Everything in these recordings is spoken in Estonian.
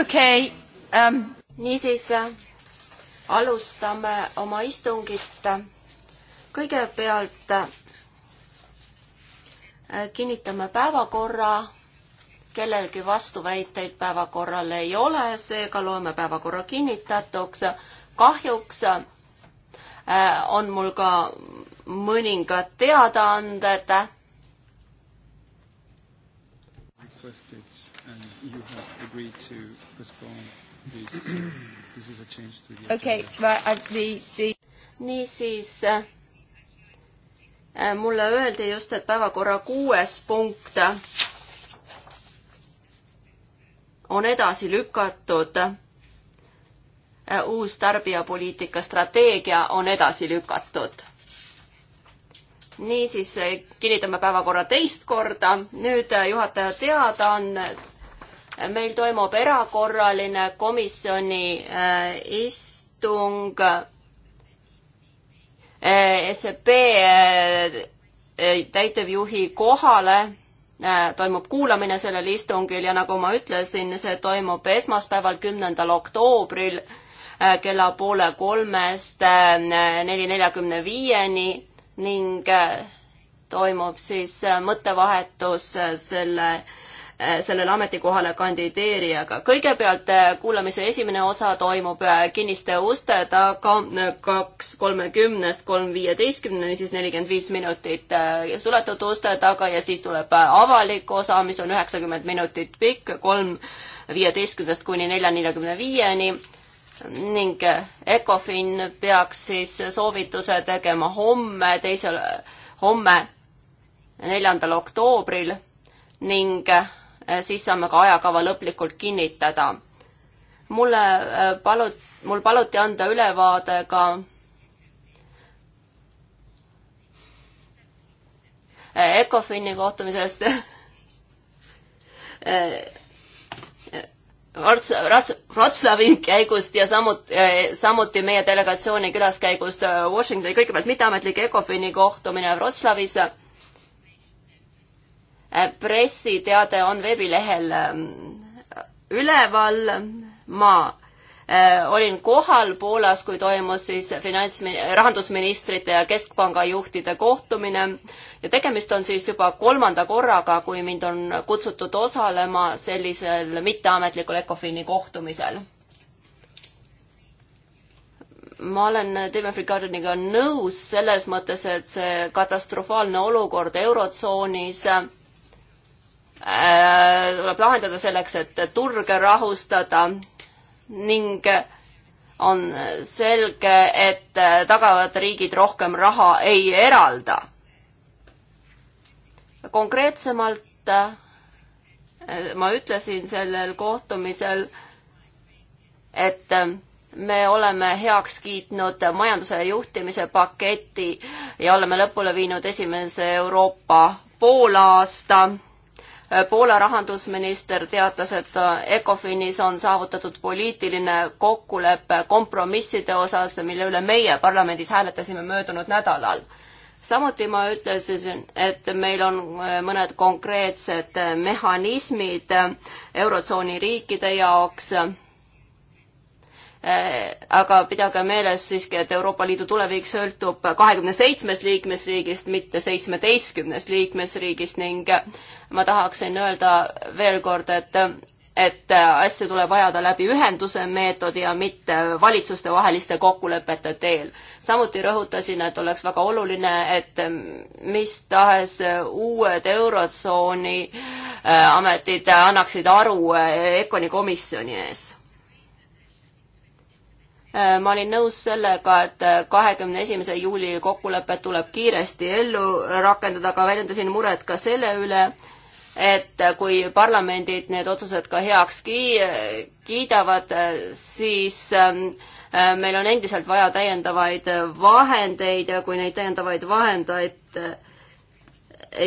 okei okay, um.... niisiis äh, alustame oma istungit. kõigepealt äh, kinnitame päevakorra. kellelgi vastuväiteid päevakorrale ei ole, seega loeme päevakorra kinnitatuks. kahjuks äh, on mul ka mõningad teadaanded. questions and uh, you have agreed to postpone this. This is a change to the okay, but uh, the, the... niisiis äh, mulle öeldi just, et päevakorra kuues punkt on edasi lükatud äh,. uus tarbijapoliitika strateegia on edasi lükatud niisiis äh, kinnitame päevakorra teist korda. nüüd äh, juhataja teadaanne meil toimub erakorraline komisjoni äh, istung äh, SEB äh, täitevjuhi kohale, toimub kuulamine sellel istungil ja nagu ma ütlesin, see toimub esmaspäeval, kümnendal oktoobril kella poole kolmest neli neljakümne viieni ning toimub siis mõttevahetus selle Äh, sellele ametikohale kandideerijaga. kõigepealt äh, kuulamise esimene osa toimub äh, kinniste uste taga kaks kolmekümnest kolm viieteistkümneni, siis nelikümmend viis minutit suletud uste taga ja siis tuleb avalik osa, mis on üheksakümmend minutit pikk, kolm viieteistkümnest kuni nelja neljakümne viieni ning Ecofin peaks siis soovituse tegema homme, teisel, homme, neljandal oktoobril ning Äh, siis saame ka ajakava lõplikult kinnitada. mulle äh, palut-, mul paluti anda ülevaade ka äh, ECOFIN-i kohtumisest Wroclawi käigust ja samuti, samuti meie delegatsiooni külaskäigust Washingtoni, kõigepealt mitteametlik ECOFIN-i kohtumine Wroclawis pressiteade on veebilehel ähm, üleval, ma äh, olin kohal Poolas, kui toimus siis finants, rahandusministrite ja keskpanga juhtide kohtumine ja tegemist on siis juba kolmanda korraga, kui mind on kutsutud osalema sellisel mitteametlikul ECOFIN-i kohtumisel. ma olen Timothy Gardeniga nõus selles mõttes, et see katastrofaalne olukord Eurotsoonis Äh, tuleb lahendada selleks, et turge rahustada ning on selge, et tagavad riigid rohkem raha ei eralda. konkreetsemalt äh, ma ütlesin sellel kohtumisel, et me oleme heaks kiitnud majanduse juhtimise paketi ja oleme lõpule viinud esimese Euroopa poolaasta Äh, Poola rahandusminister teatas, et äh, ECOFINis on saavutatud poliitiline kokkulepe kompromisside osas, mille üle meie parlamendis hääletasime möödunud nädalal. samuti ma ütlesin, et meil on äh, mõned konkreetsed mehhanismid Eurotsooni riikide jaoks Äh, aga pidage meeles siiski, et Euroopa Liidu tulevik sõltub kahekümne seitsmest liikmesriigist, mitte seitsmeteistkümnest liikmesriigist ning ma tahaksin öelda veel kord, et et asju tuleb ajada läbi ühenduse meetodi ja mitte valitsustevaheliste kokkulepete teel. samuti rõhutasin, et oleks väga oluline, et mis tahes uued Eurotsooni äh, ametid annaksid aru äh, ECONi komisjoni ees Äh, ma olin nõus sellega, et äh, kahekümne esimese juuli kokkulepet tuleb kiiresti ellu rakendada, aga väljendasin muret ka selle üle, et äh, kui parlamendid need otsused ka heaks kiidavad, siis ähm, meil on endiselt vaja täiendavaid vahendeid ja kui neid täiendavaid vahendeid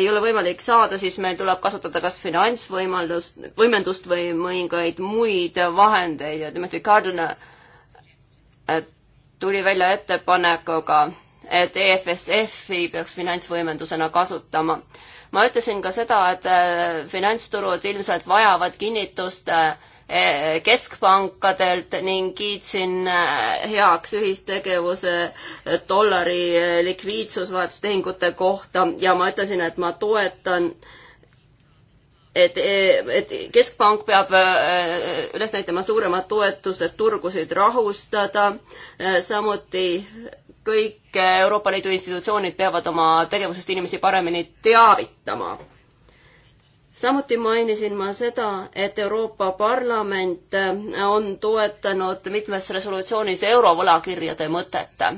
ei ole võimalik saada, siis meil tuleb kasutada kas finantsvõimalust, võimendust või mõningaid muid vahendeid ja Dmitri Kardõna tuli välja ettepanekuga, et EFSF-i peaks finantsvõimendusena kasutama. ma ütlesin ka seda, et äh, finantsturud ilmselt vajavad kinnitust äh, keskpankadelt ning kiitsin äh, heaks ühistegevuse dollari likviidsusvahetustehingute kohta ja ma ütlesin, et ma toetan äh, et, et keskpank peab äh, üles näitama suuremat toetust, et turgusid rahustada, äh, samuti kõik Euroopa Liidu institutsioonid peavad oma tegevusest inimesi paremini teavitama. samuti mainisin ma seda, et Euroopa Parlament on toetanud mitmes resolutsioonis eurovõlakirjade mõtet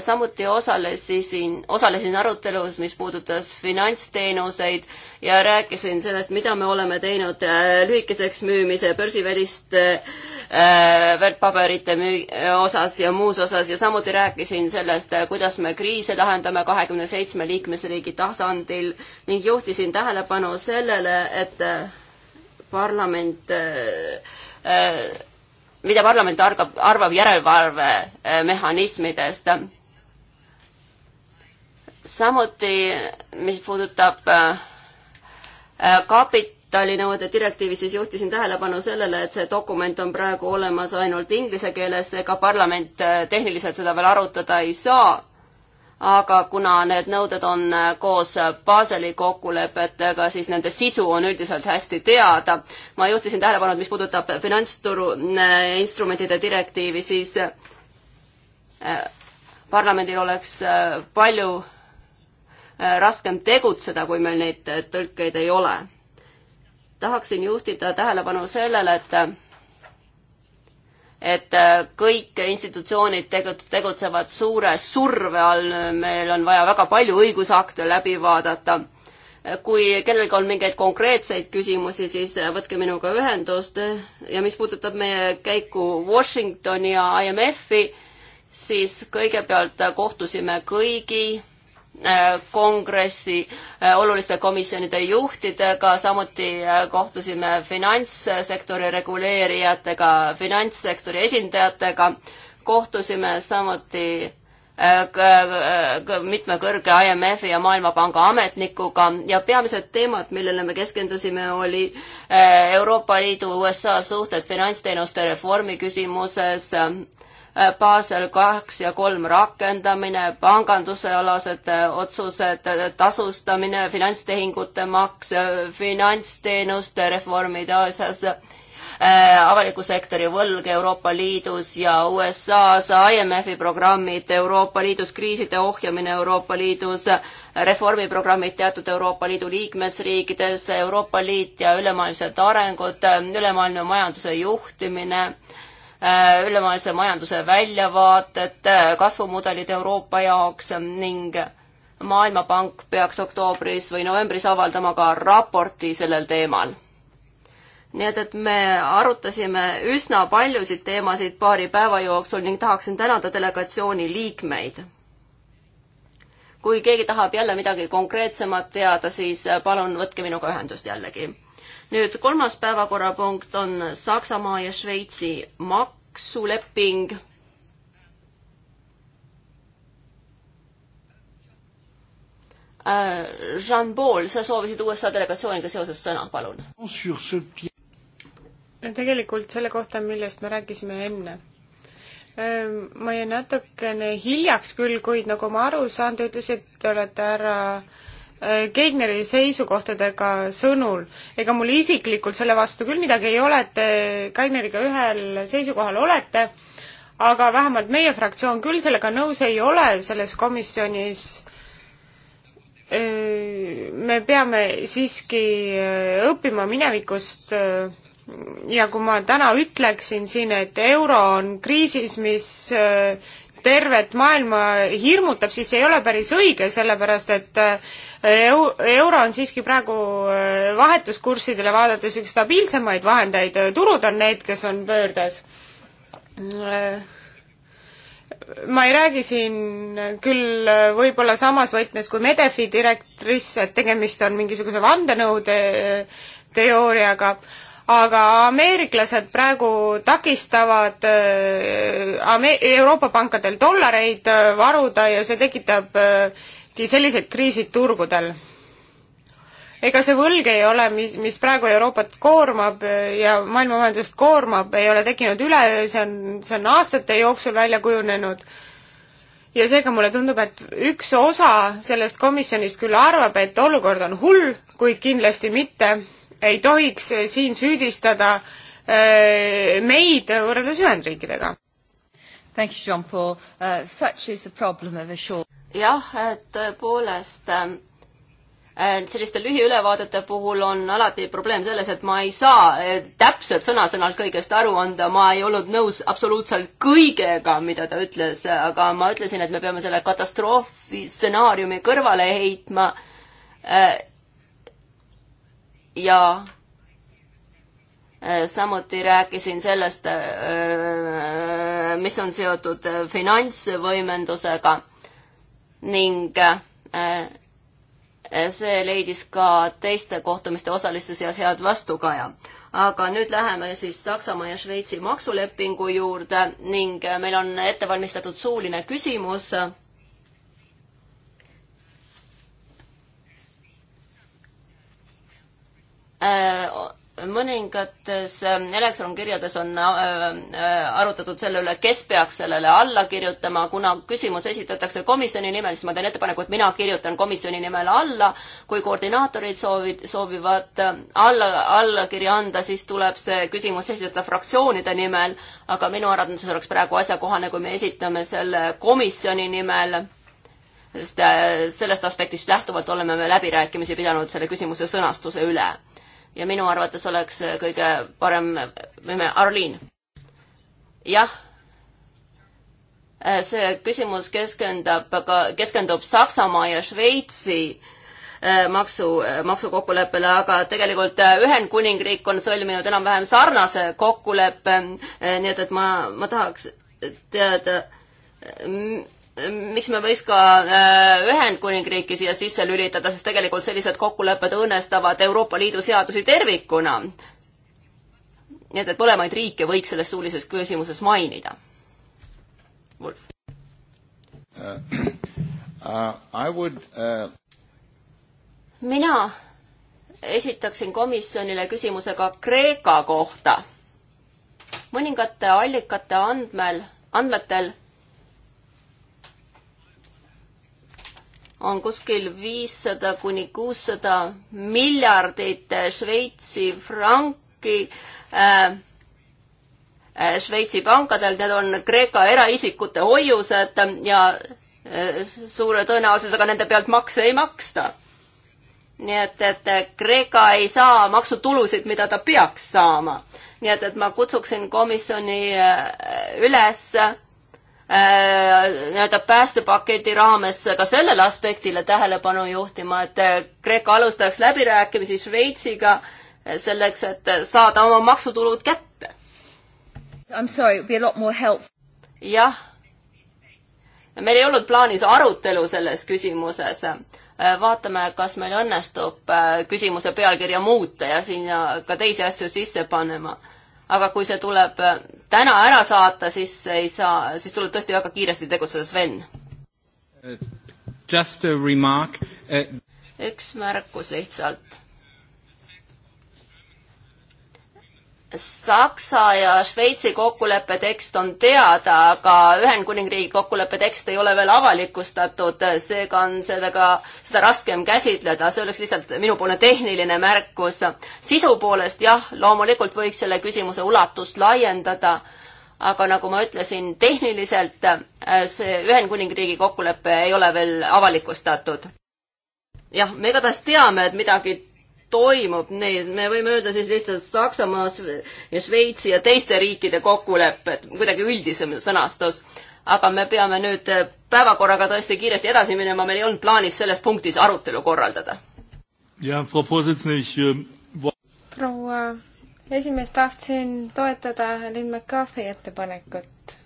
samuti osalesin, osalesin arutelus, mis puudutas finantsteenuseid ja rääkisin sellest, mida me oleme teinud äh, lühikeseks müümise, börsiväliste äh, väärtpaberite müü-, osas ja muus osas ja samuti rääkisin sellest, äh, kuidas me kriise lahendame kahekümne seitsme liikmesriigi tasandil ning juhtisin tähelepanu sellele, et äh, parlament äh, äh, mida parlament argab, arvab järelevalvemehhanismidest samuti, mis puudutab äh, äh, kapitalinõuete direktiivi, siis juhtisin tähelepanu sellele, et see dokument on praegu olemas ainult inglise keeles, ega parlament äh, tehniliselt seda veel arutada ei saa. aga kuna need nõuded on koos Baseli kokkulepetega, siis nende sisu on üldiselt hästi teada. ma juhtisin tähelepanu, et mis puudutab finantsturu instrumentide direktiivi, siis parlamendil oleks palju Äh, raskem tegutseda, kui meil neid äh, tõlkeid ei ole. tahaksin juhtida tähelepanu sellele, et et äh, kõik institutsioonid tegutsevad suure surve all, meil on vaja väga palju õigusakte läbi vaadata. kui kellelgi on mingeid konkreetseid küsimusi, siis võtke minuga ühendust ja mis puudutab meie käiku Washingtoni ja IMF-i, siis kõigepealt kohtusime kõigi Äh, kongressi äh, oluliste komisjonide juhtidega, samuti äh, kohtusime finantssektori reguleerijatega, finantssektori esindajatega, kohtusime samuti mitme kõrge IMF-i ja Maailmapanga ametnikuga ja peamised teemad, millele me keskendusime, oli Euroopa Liidu USA suhted finantsteenuste reformi küsimuses Äh, Basel kaks ja kolm rakendamine, pangandusealased äh, otsused, äh, tasustamine, finantstehingute maks, finantsteenuste reformid asjas, avaliku sektori võlg Euroopa Liidus ja USA-s, IMF-i programmid Euroopa Liidus, kriiside ohjamine Euroopa Liidus, reformiprogrammid teatud Euroopa Liidu liikmesriikides, Euroopa Liit ja ülemaailmsed arengud, ülemaailmne majanduse juhtimine Äh, ülemaailmse majanduse väljavaated, äh, kasvumudelid Euroopa jaoks ning Maailmapank peaks oktoobris või novembris avaldama ka raporti sellel teemal. nii et, et me arutasime üsna paljusid teemasid paari päeva jooksul ning tahaksin tänada delegatsiooni liikmeid. kui keegi tahab jälle midagi konkreetsemat teada, siis palun võtke minuga ühendust jällegi nüüd kolmas päevakorrapunkt on Saksamaa ja Šveitsi maksuleping. Äh, Jean-Paul, sa soovisid USA delegatsiooniga seoses sõna, palun. tegelikult selle kohta, millest me rääkisime enne äh, ma jäin natukene hiljaks küll, kuid nagu ma aru saan, te ütlesite, te olete härra Kegneri seisukohtadega sõnul. ega mul isiklikult selle vastu küll midagi ei ole, et te Kegneriga ühel seisukohal olete, aga vähemalt meie fraktsioon küll sellega nõus ei ole selles komisjonis. me peame siiski õppima minevikust ja kui ma täna ütleksin siin, et euro on kriisis, mis tervet maailma hirmutab, siis ei ole päris õige, sellepärast et äh, euro on siiski praegu äh, vahetuskurssidele vaadates üks stabiilsemaid vahendeid, turud on need, kes on pöördes. Äh, ma ei räägi siin küll võib-olla samas võtmes kui Medefi direktriss, et tegemist on mingisuguse vandenõude teooriaga, aga ameeriklased praegu takistavad äh, Euroopa pankadel dollareid äh, varuda ja see tekitabki äh, sellised kriisid turgudel. ega see võlg ei ole, mis, mis praegu Euroopat koormab ja maailmamajandust koormab, ei ole tekkinud üleöö, see on, see on aastate jooksul välja kujunenud ja seega mulle tundub, et üks osa sellest komisjonist küll arvab, et olukord on hull, kuid kindlasti mitte ei tohiks eh, siin süüdistada eh, meid võrreldes Ühendriikidega. Thank you, Jean-Paul uh,. Such is the problem of a short jah, tõepoolest eh, selliste lühiülevaadete puhul on alati probleem selles, et ma ei saa täpselt sõna-sõnalt kõigest aru anda, ma ei olnud nõus absoluutselt kõigega, mida ta ütles, aga ma ütlesin, et me peame selle katastroofi stsenaariumi kõrvale heitma ja äh, samuti rääkisin sellest, äh, mis on seotud äh, finantsvõimendusega ning see leidis ka teiste kohtumiste osaliste seas head vastukaja. aga nüüd läheme siis Saksamaa ja Šveitsi maksulepingu juurde ning meil on ette valmistatud suuline küsimus Äh, mõningates äh, elektronkirjades on äh, arutatud selle üle, kes peaks sellele alla kirjutama, kuna küsimus esitatakse komisjoni nimel, siis ma teen ettepaneku, et mina kirjutan komisjoni nimel alla. kui koordinaatorid soovid, soovivad alla, allakirja anda, siis tuleb see küsimus esitada fraktsioonide nimel, aga minu arvates oleks praegu asjakohane, kui me esitame selle komisjoni nimel, sest sellest aspektist lähtuvalt oleme me läbirääkimisi pidanud selle küsimuse sõnastuse üle ja minu arvates oleks kõige parem, Arliin. jah, äh, see küsimus keskendab, keskendub Saksamaa ja Šveitsi äh, maksu, äh, maksukokkuleppele, aga tegelikult Ühendkuningriik on sõlminud enam-vähem sarnase kokkuleppe, nii et, et ma, ma tahaks teada, miks me võiks ka äh, Ühendkuningriiki siia sisse lülitada, sest tegelikult sellised kokkulepped õõnestavad Euroopa Liidu seadusi tervikuna. nii et, et mõlemaid riike võiks selles suulises küsimuses mainida. Wolf uh,. Uh, I would uh... mina esitaksin komisjonile küsimuse ka Kreeka kohta. mõningate allikate andmel, andmetel on kuskil viissada kuni kuussada miljardit Šveitsi franki äh, äh Šveitsi pankadel, need on Kreeka eraisikute hoiused ja äh, suure tõenäosusega nende pealt makse ei maksta. nii et, et Kreeka ei saa maksutulusid, mida ta peaks saama. nii et, et ma kutsuksin komisjoni äh, üles Äh, nii-öelda päästepaketi raames ka sellele aspektile tähelepanu juhtima, et äh, Kreeka alustaks läbirääkimisi Šveitsiga äh, selleks, et saada oma maksutulud kätte. jah. meil ei olnud plaanis arutelu selles küsimuses. vaatame, kas meil õnnestub küsimuse pealkirja muuta ja sinna ka teisi asju sisse panema aga kui see tuleb äh, täna ära saata, siis ei saa, siis tuleb tõesti väga kiiresti tegutseda, Sven. Uh, just a remark uh.... üks märkus lihtsalt Saksa ja Šveitsi kokkuleppe tekst on teada, aga Ühendkuningriigi kokkuleppe tekst ei ole veel avalikustatud, seega on sellega, seda raskem käsitleda, see oleks lihtsalt minupoolne tehniline märkus. sisu poolest jah, loomulikult võiks selle küsimuse ulatust laiendada, aga nagu ma ütlesin, tehniliselt äh, see Ühendkuningriigi kokkulepe ei ole veel avalikustatud. jah, me igatahes teame, et midagi toimub neis, me võime öelda siis lihtsalt Saksamaa ja Šveitsi ja teiste riikide kokkulepped, kuidagi üldisem sõnastus. aga me peame nüüd päevakorraga tõesti kiiresti edasi minema, meil ei olnud plaanis selles punktis arutelu korraldada. jah, äh, proua esimees, tahtsin toetada Lynn McCarthy ettepanekut.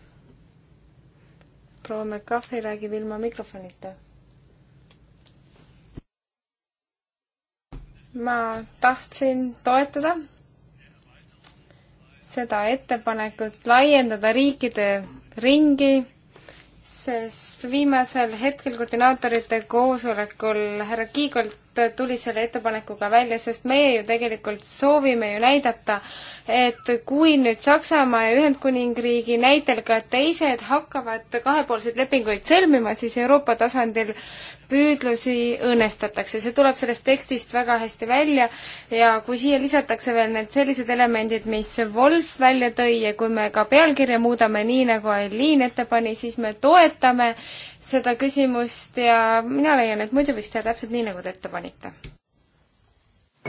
proua McCarthy räägib ilma mikrofonita ma tahtsin toetada seda ettepanekut laiendada riikide ringi, sest viimasel hetkel koordinaatorite koosolekul härra Kiigolt parlament tuli selle ettepanekuga välja, sest meie ju tegelikult soovime ju näidata, et kui nüüd Saksamaa ja Ühendkuningriigi näitel ka teised hakkavad kahepoolseid lepinguid sõlmima, siis Euroopa tasandil püüdlusi õõnestatakse, see tuleb sellest tekstist väga hästi välja ja kui siia lisatakse veel need sellised elemendid, mis Wolf välja tõi ja kui me ka pealkirja muudame nii, nagu Aileen ette pani, siis me toetame seda küsimust ja mina leian, et muidu võiks teha täpselt nii, nagu te ette panite.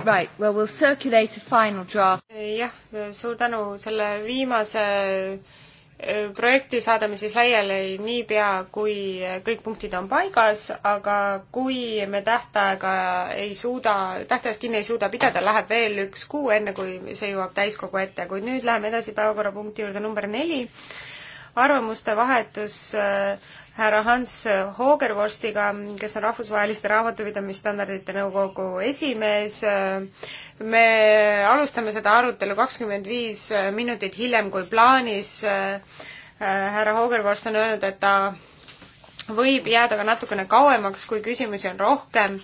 Right, well we'll circulate a final draft. jah, suur tänu selle viimase e, projekti saadame siis laiali niipea, kui kõik punktid on paigas, aga kui me tähtaega ei suuda, tähtajast kinni ei suuda pidada, läheb veel üks kuu, enne kui see jõuab täiskogu ette, kuid nüüd läheme edasi päevakorrapunkti juurde number neli arvamuste vahetus äh, härra Hans Hoogervorstiga, kes on Rahvusvaheliste Raamatupidamisstandardite Nõukogu esimees. Äh, me alustame seda arutelu kakskümmend viis äh, minutit hiljem kui plaanis. härra Hoogervorst on öelnud, et ta võib jääda ka natukene kauemaks, kui küsimusi on rohkem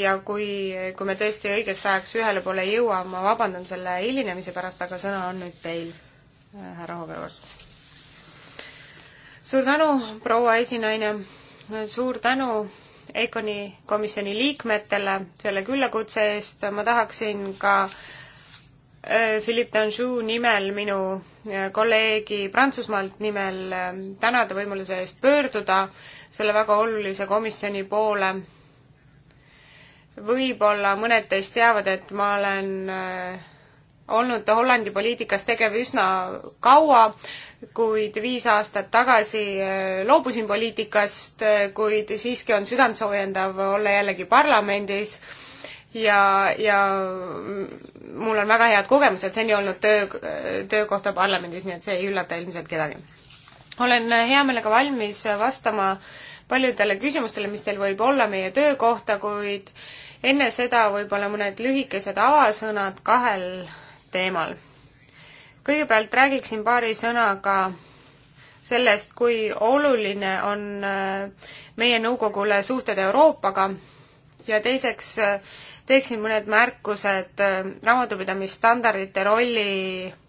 ja kui, kui me tõesti õigeks ajaks ühele poole ei jõua, ma vabandan selle hilinemise pärast, aga sõna on nüüd teil, härra Hoogervorst suur tänu, proua esinaine, suur tänu EKONi komisjoni liikmetele selle küllakutse eest, ma tahaksin ka äh, Philippe Danjou nimel, minu äh, kolleegi Prantsusmaalt nimel äh, tänada võimaluse eest pöörduda selle väga olulise komisjoni poole. võib-olla mõned teist teavad, et ma olen olnud Hollandi poliitikas tegev üsna kaua, kuid viis aastat tagasi äh, loobusin poliitikast, äh, kuid siiski on südantsoojendav olla jällegi parlamendis ja, ja mul on väga head kogemused seni olnud töö, töökohta parlamendis, nii et see ei üllata ilmselt kedagi. olen hea meelega valmis vastama paljudele küsimustele, mis teil võib olla meie töö kohta, kuid enne seda võib-olla mõned lühikesed avasõnad kahel teemal kõigepealt räägiksin paari sõnaga sellest, kui oluline on äh, meie nõukogule suhted Euroopaga ja teiseks äh, teeksin mõned märkused äh, raamatupidamisstandardite rolli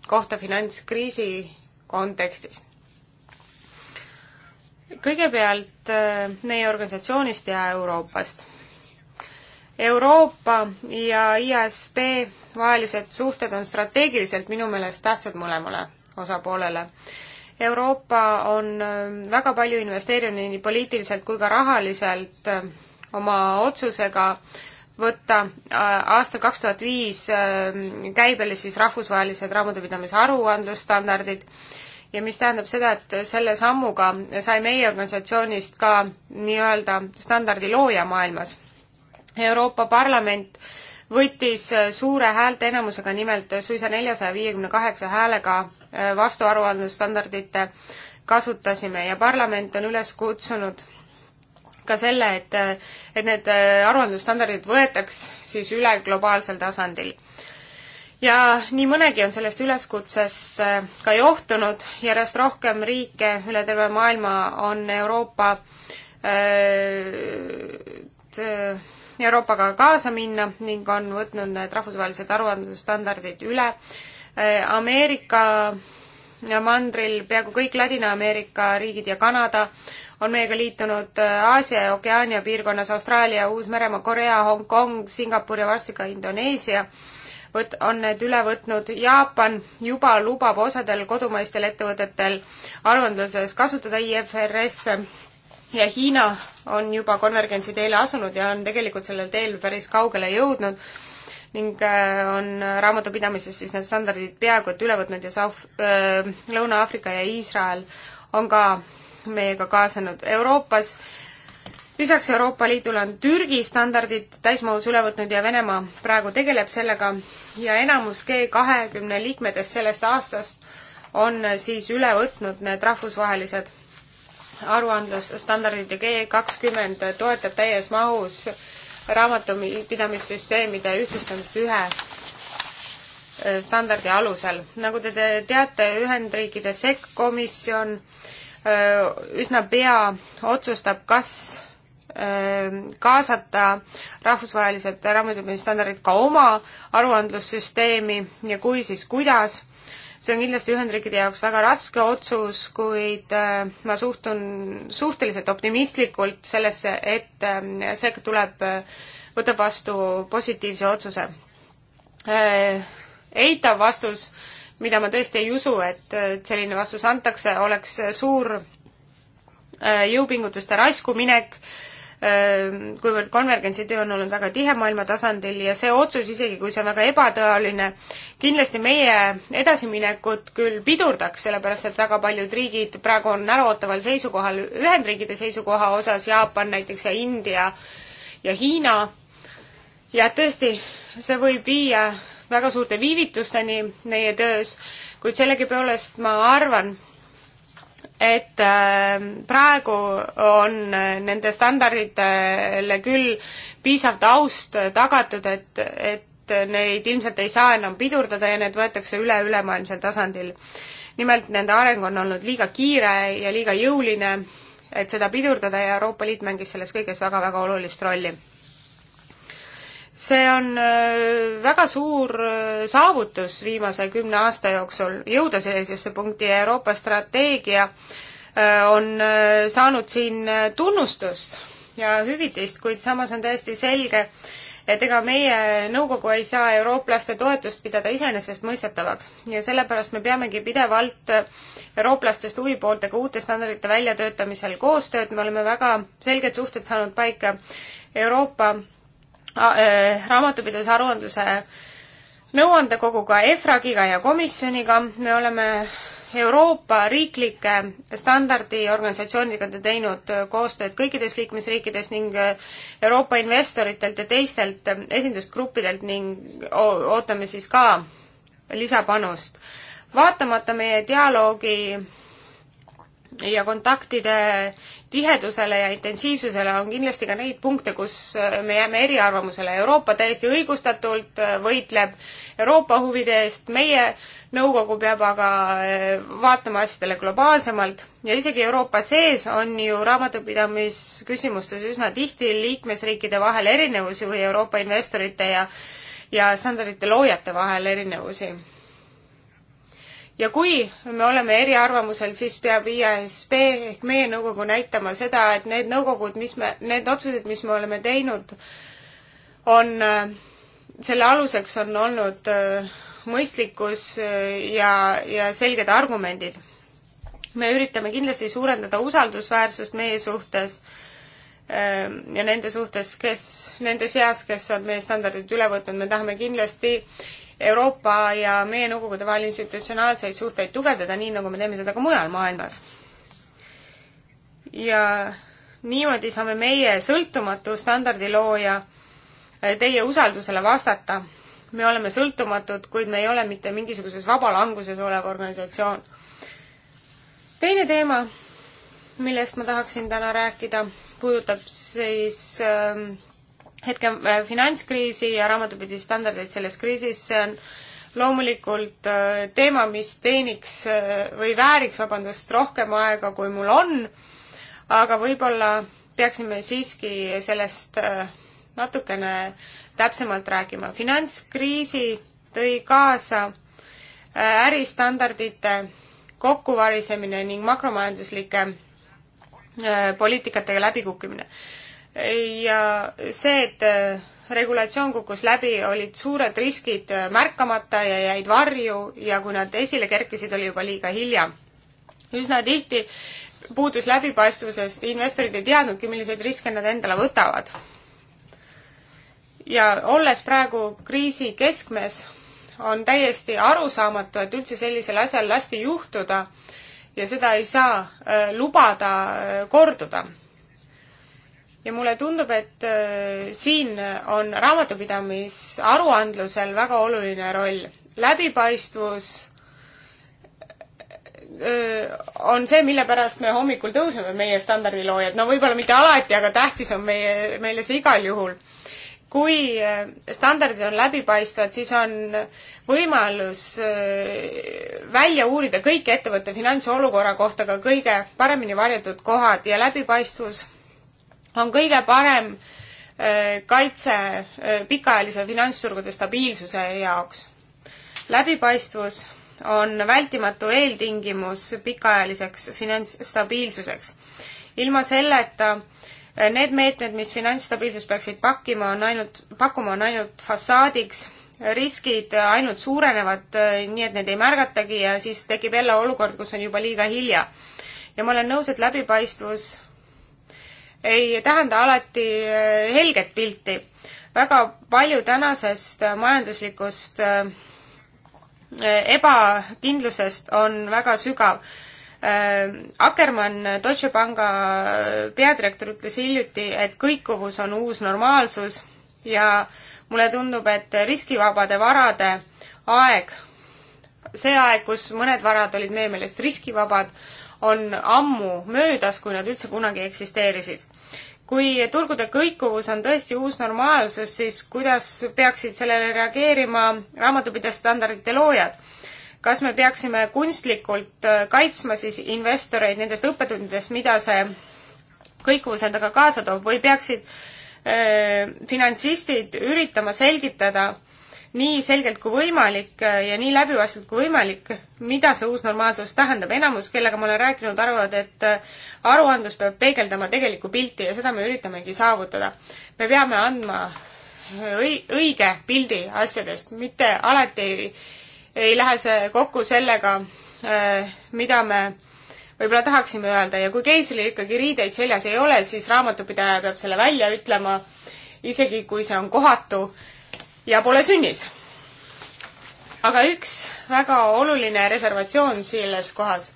kohta finantskriisi kontekstis. kõigepealt meie organisatsioonist ja Euroopast. Euroopa ja ISP vahelised suhted on strateegiliselt minu meelest tähtsad mõlemale osapoolele. Euroopa on ähm, väga palju investeerinud nii poliitiliselt kui ka rahaliselt ähm, oma otsusega võtta äh, aastal kaks tuhat viis ähm, käibele siis rahvusvahelised raamatupidamise aruandlusstandardid ja mis tähendab seda, et selle sammuga sai meie organisatsioonist ka nii-öelda standardi looja maailmas. Euroopa Parlament võttis suure häälteenamusega, nimelt suisa neljasaja viiekümne kaheksa häälega äh, vastuaruandlusstandardite kasutasime ja parlament on üles kutsunud ka selle, et, äh, et need äh, aruandlusstandardid võetaks siis üle globaalsel tasandil. ja nii mõnegi on sellest üleskutsest ka johtunud, järjest rohkem riike üle terve maailma on Euroopa öö, t, Euroopaga kaasa minna ning on võtnud need rahvusvahelised aruandlusstandardid üle. Äh, Ameerika mandril peaaegu kõik Ladina-Ameerika riigid ja Kanada on meiega liitunud äh, Aasia ja Okeaania piirkonnas Austraalia, Uus-Meremaa, Korea, Hongkong, Singapur ja varsti ka Indoneesia võt-, on need üle võtnud. Jaapan juba lubab osadel kodumaistel ettevõtetel aruandluses kasutada IFRS-e ja Hiina on juba konvergentsi teele asunud ja on tegelikult sellel teel päris kaugele jõudnud ning äh, on raamatupidamises siis need standardid peaaegu et üle võtnud ja South, äh, Lõuna-Aafrika ja Iisrael on ka meiega kaasanud Euroopas. lisaks Euroopa Liidule on Türgi standardid täismahus üle võtnud ja Venemaa praegu tegeleb sellega ja enamus G kahekümne liikmetest sellest aastast on siis üle võtnud need rahvusvahelised aruandlusstandardid ja G kakskümmend toetab täies mahus raamatupidamissüsteemide ühtlustamist ühe e, standardi alusel. nagu te teate, Ühendriikide SEC komisjon e, üsna pea otsustab, kas e, kaasata rahvusvahelised raamatupidamisstandardid ka oma aruandlussüsteemi ja kui, siis kuidas see on kindlasti Ühendriikide jaoks väga raske otsus, kuid äh, ma suhtun suhteliselt optimistlikult sellesse, et äh, SEC tuleb, äh, võtab vastu positiivse otsuse. eitav vastus, mida ma tõesti ei usu, et selline vastus antakse, oleks suur jõupingutuste raiskuminek Ehm, kuivõrd konvergentsi töö on olnud väga tihe maailma tasandil ja see otsus, isegi kui see on väga ebatõeline, kindlasti meie edasiminekut küll pidurdaks, sellepärast et väga paljud riigid praegu on äraootaval seisukohal Ühendriikide seisukoha osas, Jaapan näiteks ja India ja Hiina, ja tõesti, see võib viia väga suurte viivitusteni meie töös, kuid sellegipoolest ma arvan, et äh, praegu on nende standarditele küll piisav taust tagatud, et, et neid ilmselt ei saa enam pidurdada ja need võetakse üle ülemaailmsel tasandil. nimelt nende areng on olnud liiga kiire ja liiga jõuline, et seda pidurdada ja Euroopa Liit mängis selles kõiges väga-väga olulist rolli see on äh, väga suur äh, saavutus viimase kümne aasta jooksul, jõuda sellisesse punkti ja Euroopa strateegia äh, on saanud siin tunnustust ja hüvitist, kuid samas on täiesti selge, et ega meie nõukogu ei saa eurooplaste toetust pidada iseenesestmõistetavaks ja sellepärast me peamegi pidevalt eurooplastest huvipooltega uute standardite väljatöötamisel koostööd, me oleme väga selged suhted saanud paika Euroopa Äh, raamatupidavusaruandluse nõuandekoguga, EFRAGiga ja komisjoniga, me oleme Euroopa riiklike standardiorganisatsioonidega te teinud koostööd kõikides liikmesriikides ning äh, Euroopa investoritelt ja teistelt äh, esindusgruppidelt ning ootame siis ka lisapanust. vaatamata meie dialoogi ja kontaktide tihedusele ja intensiivsusele on kindlasti ka neid punkte, kus äh, me jääme eriarvamusele. Euroopa täiesti õigustatult äh, võitleb Euroopa huvide eest, meie nõukogu peab aga äh, vaatama asjadele globaalsemalt ja isegi Euroopa sees on ju raamatupidamisküsimustes üsna tihti liikmesriikide vahel erinevusi või Euroopa investorite ja ja standardite loojate vahel erinevusi ja kui me oleme eriarvamusel, siis peab IASB ehk meie nõukogu näitama seda, et need nõukogud, mis me, need otsused, mis me oleme teinud, on, selle aluseks on olnud mõistlikkus ja, ja selged argumendid. me üritame kindlasti suurendada usaldusväärsust meie suhtes ja nende suhtes, kes, nende seas, kes on meie standardid üle võtnud, me tahame kindlasti Euroopa ja meie nõukogude vahel institutsionaalseid suhteid tugevdada, nii nagu me teeme seda ka mujal maailmas. ja niimoodi saame meie sõltumatu standardilooja eh, teie usaldusele vastata. me oleme sõltumatud, kuid me ei ole mitte mingisuguses vabalanguses olev organisatsioon. teine teema, millest ma tahaksin täna rääkida, puudutab siis äh, hetke äh, finantskriisi ja raamatupidisstandardeid selles kriisis, see on loomulikult äh, teema, mis teeniks äh, või vääriks, vabandust, rohkem aega, kui mul on, aga võib-olla peaksime siiski sellest natukene täpsemalt rääkima. finantskriisi tõi kaasa äristandardite kokkuvarisemine ning makromajanduslike poliitikatega läbikukkimine ja see, et äh, regulatsioon kukkus läbi, olid suured riskid äh, märkamata ja jäid varju ja kui nad esile kerkisid, oli juba liiga hilja. üsna tihti puudus läbipaistvusest, investorid ei teadnudki, milliseid riske nad endale võtavad. ja olles praegu kriisi keskmes, on täiesti arusaamatu, et üldse sellisel asjal lasti juhtuda ja seda ei saa äh, lubada äh, korduda ja mulle tundub, et äh, siin on raamatupidamisaruandlusel väga oluline roll. läbipaistvus äh, on see, mille pärast me hommikul tõuseme, meie standardiloojad. no võib-olla mitte alati, aga tähtis on meie, meile see igal juhul. kui äh, standardid on läbipaistvad, siis on võimalus välja uurida kõik ettevõtte finantsolukorra kohta ka kõige paremini varjatud kohad ja läbipaistvus on kõige parem äh, kaitse äh, pikaajalise finantsturgude stabiilsuse jaoks. läbipaistvus on vältimatu eeltingimus pikaajaliseks finantsstabiilsuseks. ilma selleta äh, need meetmed, mis finantsstabiilsust peaksid pakkima, on ainult, pakkuma, on ainult fassaadiks, riskid ainult suurenevad, nii et neid ei märgatagi ja siis tekib jälle olukord, kus on juba liiga hilja. ja ma olen nõus, et läbipaistvus ei tähenda alati äh, helget pilti. väga palju tänasest äh, majanduslikust äh, ebakindlusest on väga sügav. Akkermann, Deutsche Panga peadirektor, ütles hiljuti, et kõikuvus on uus normaalsus ja mulle tundub, et riskivabade varade aeg, see aeg, kus mõned varad olid meie meelest riskivabad, on ammu möödas, kui nad üldse kunagi eksisteerisid kui turgude kõikuvus on tõesti uus normaalsus, siis kuidas peaksid sellele reageerima raamatupidajastandardite loojad? kas me peaksime kunstlikult äh, kaitsma siis investoreid nendest õppetundidest, mida see kõikuvus endaga kaasa toob või peaksid äh, finantsistid üritama selgitada nii selgelt kui võimalik äh, ja nii läbipaistvalt kui võimalik, mida see uus normaalsus tähendab. enamus, kellega ma olen rääkinud, arvavad, et äh, aruandlus peab peegeldama tegelikku pilti ja seda me üritamegi saavutada. me peame andma äh, õi-, õige pildi asjadest, mitte alati ei, ei lähe see kokku sellega, mida me võib-olla tahaksime öelda ja kui keisril ikkagi riideid seljas ei ole, siis raamatupidaja peab selle välja ütlema, isegi kui see on kohatu ja pole sünnis. aga üks väga oluline reservatsioon selles kohas,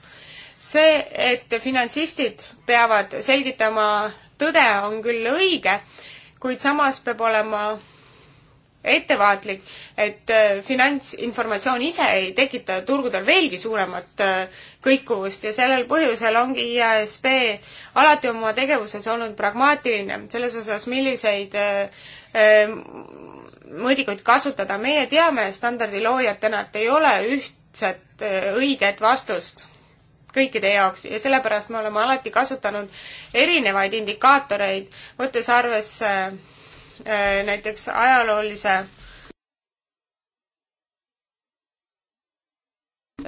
see, et finantsistid peavad selgitama tõde, on küll õige, kuid samas peab olema ettevaatlik, et äh, finantsinformatsioon ise ei tekita turgudel veelgi suuremat äh, kõikuvust ja sellel põhjusel ongi IASB alati oma tegevuses olnud pragmaatiline selles osas, milliseid äh, mõõdikuid kasutada, meie teame standardi loojatena, et ei ole ühtset äh, õiget vastust kõikide jaoks ja sellepärast me oleme alati kasutanud erinevaid indikaatoreid, võttes arvesse äh, näiteks ajaloolise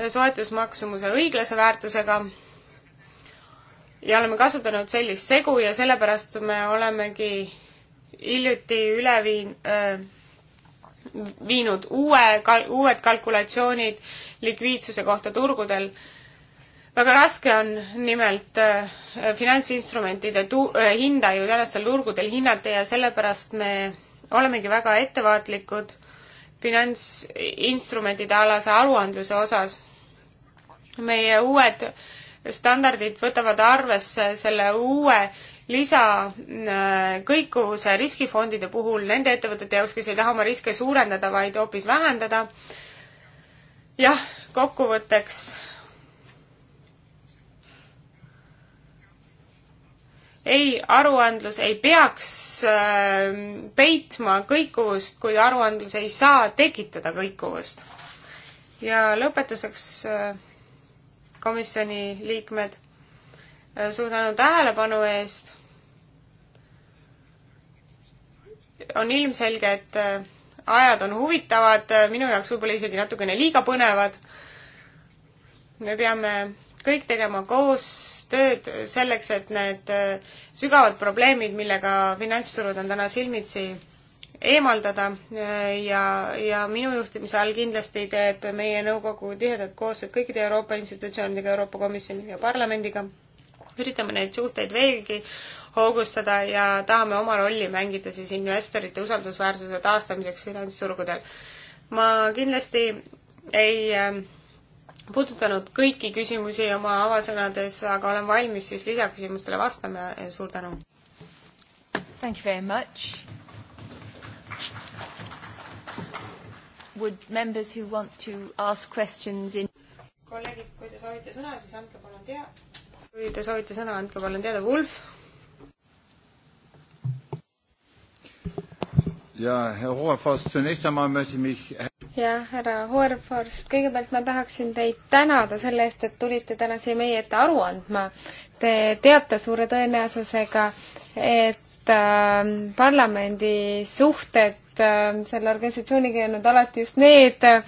soetusmaksumuse õiglase väärtusega ja oleme kasutanud sellist segu ja sellepärast me olemegi hiljuti üle viin-, äh, viinud uue, uued kalkulatsioonid likviidsuse kohta turgudel. väga raske on nimelt äh, finantsinstrumentide tu-, äh, hinda ju tänastel turgudel hinnata ja sellepärast me olemegi väga ettevaatlikud finantsinstrumentide alase aruandluse osas. meie uued standardid võtavad arvesse selle uue lisa äh, kõikuvuse riskifondide puhul nende ettevõtete jaoks, kes ei taha oma riske suurendada, vaid hoopis vähendada. jah, kokkuvõtteks ei, aruandlus ei peaks äh, peitma kõikuvust, kuid aruandlus ei saa tekitada kõikuvust. ja lõpetuseks, äh, komisjoni liikmed, suur tänu tähelepanu eest on ilmselge, et äh, ajad on huvitavad, äh, minu jaoks võib-olla isegi natukene liiga põnevad. me peame kõik tegema koostööd selleks, et need äh, sügavad probleemid, millega finantsturud on täna silmitsi, eemaldada ja, ja minu juhtimise all kindlasti teeb meie nõukogu tihedat koostööd kõikide Euroopa institutsioonidega, Euroopa Komisjoniga ja parlamendiga. üritame neid suhteid veelgi hoogustada ja tahame oma rolli mängida siis investorite usaldusväärsuse taastamiseks finantsturgudel. ma kindlasti ei ähm, puudutanud kõiki küsimusi oma avasõnades, aga olen valmis siis lisaküsimustele vastama ja suur tänu! Thank you very much. Would members who want to ask questions in kolleegid, kui te soovite sõna, siis andke palun tea-, kui te soovite sõna, andke palun teada, Wolf ja Herr Hoherforst, zunächst einmal möchte ich mich ja härra Hoherforst, kõigepealt ma tahaksin teid tänada selle eest, et tulite täna siia meie ette aru andma. Te teate suure tõenäosusega, et äh, parlamendi suhted äh, selle organisatsiooniga ei olnud alati just need äh,,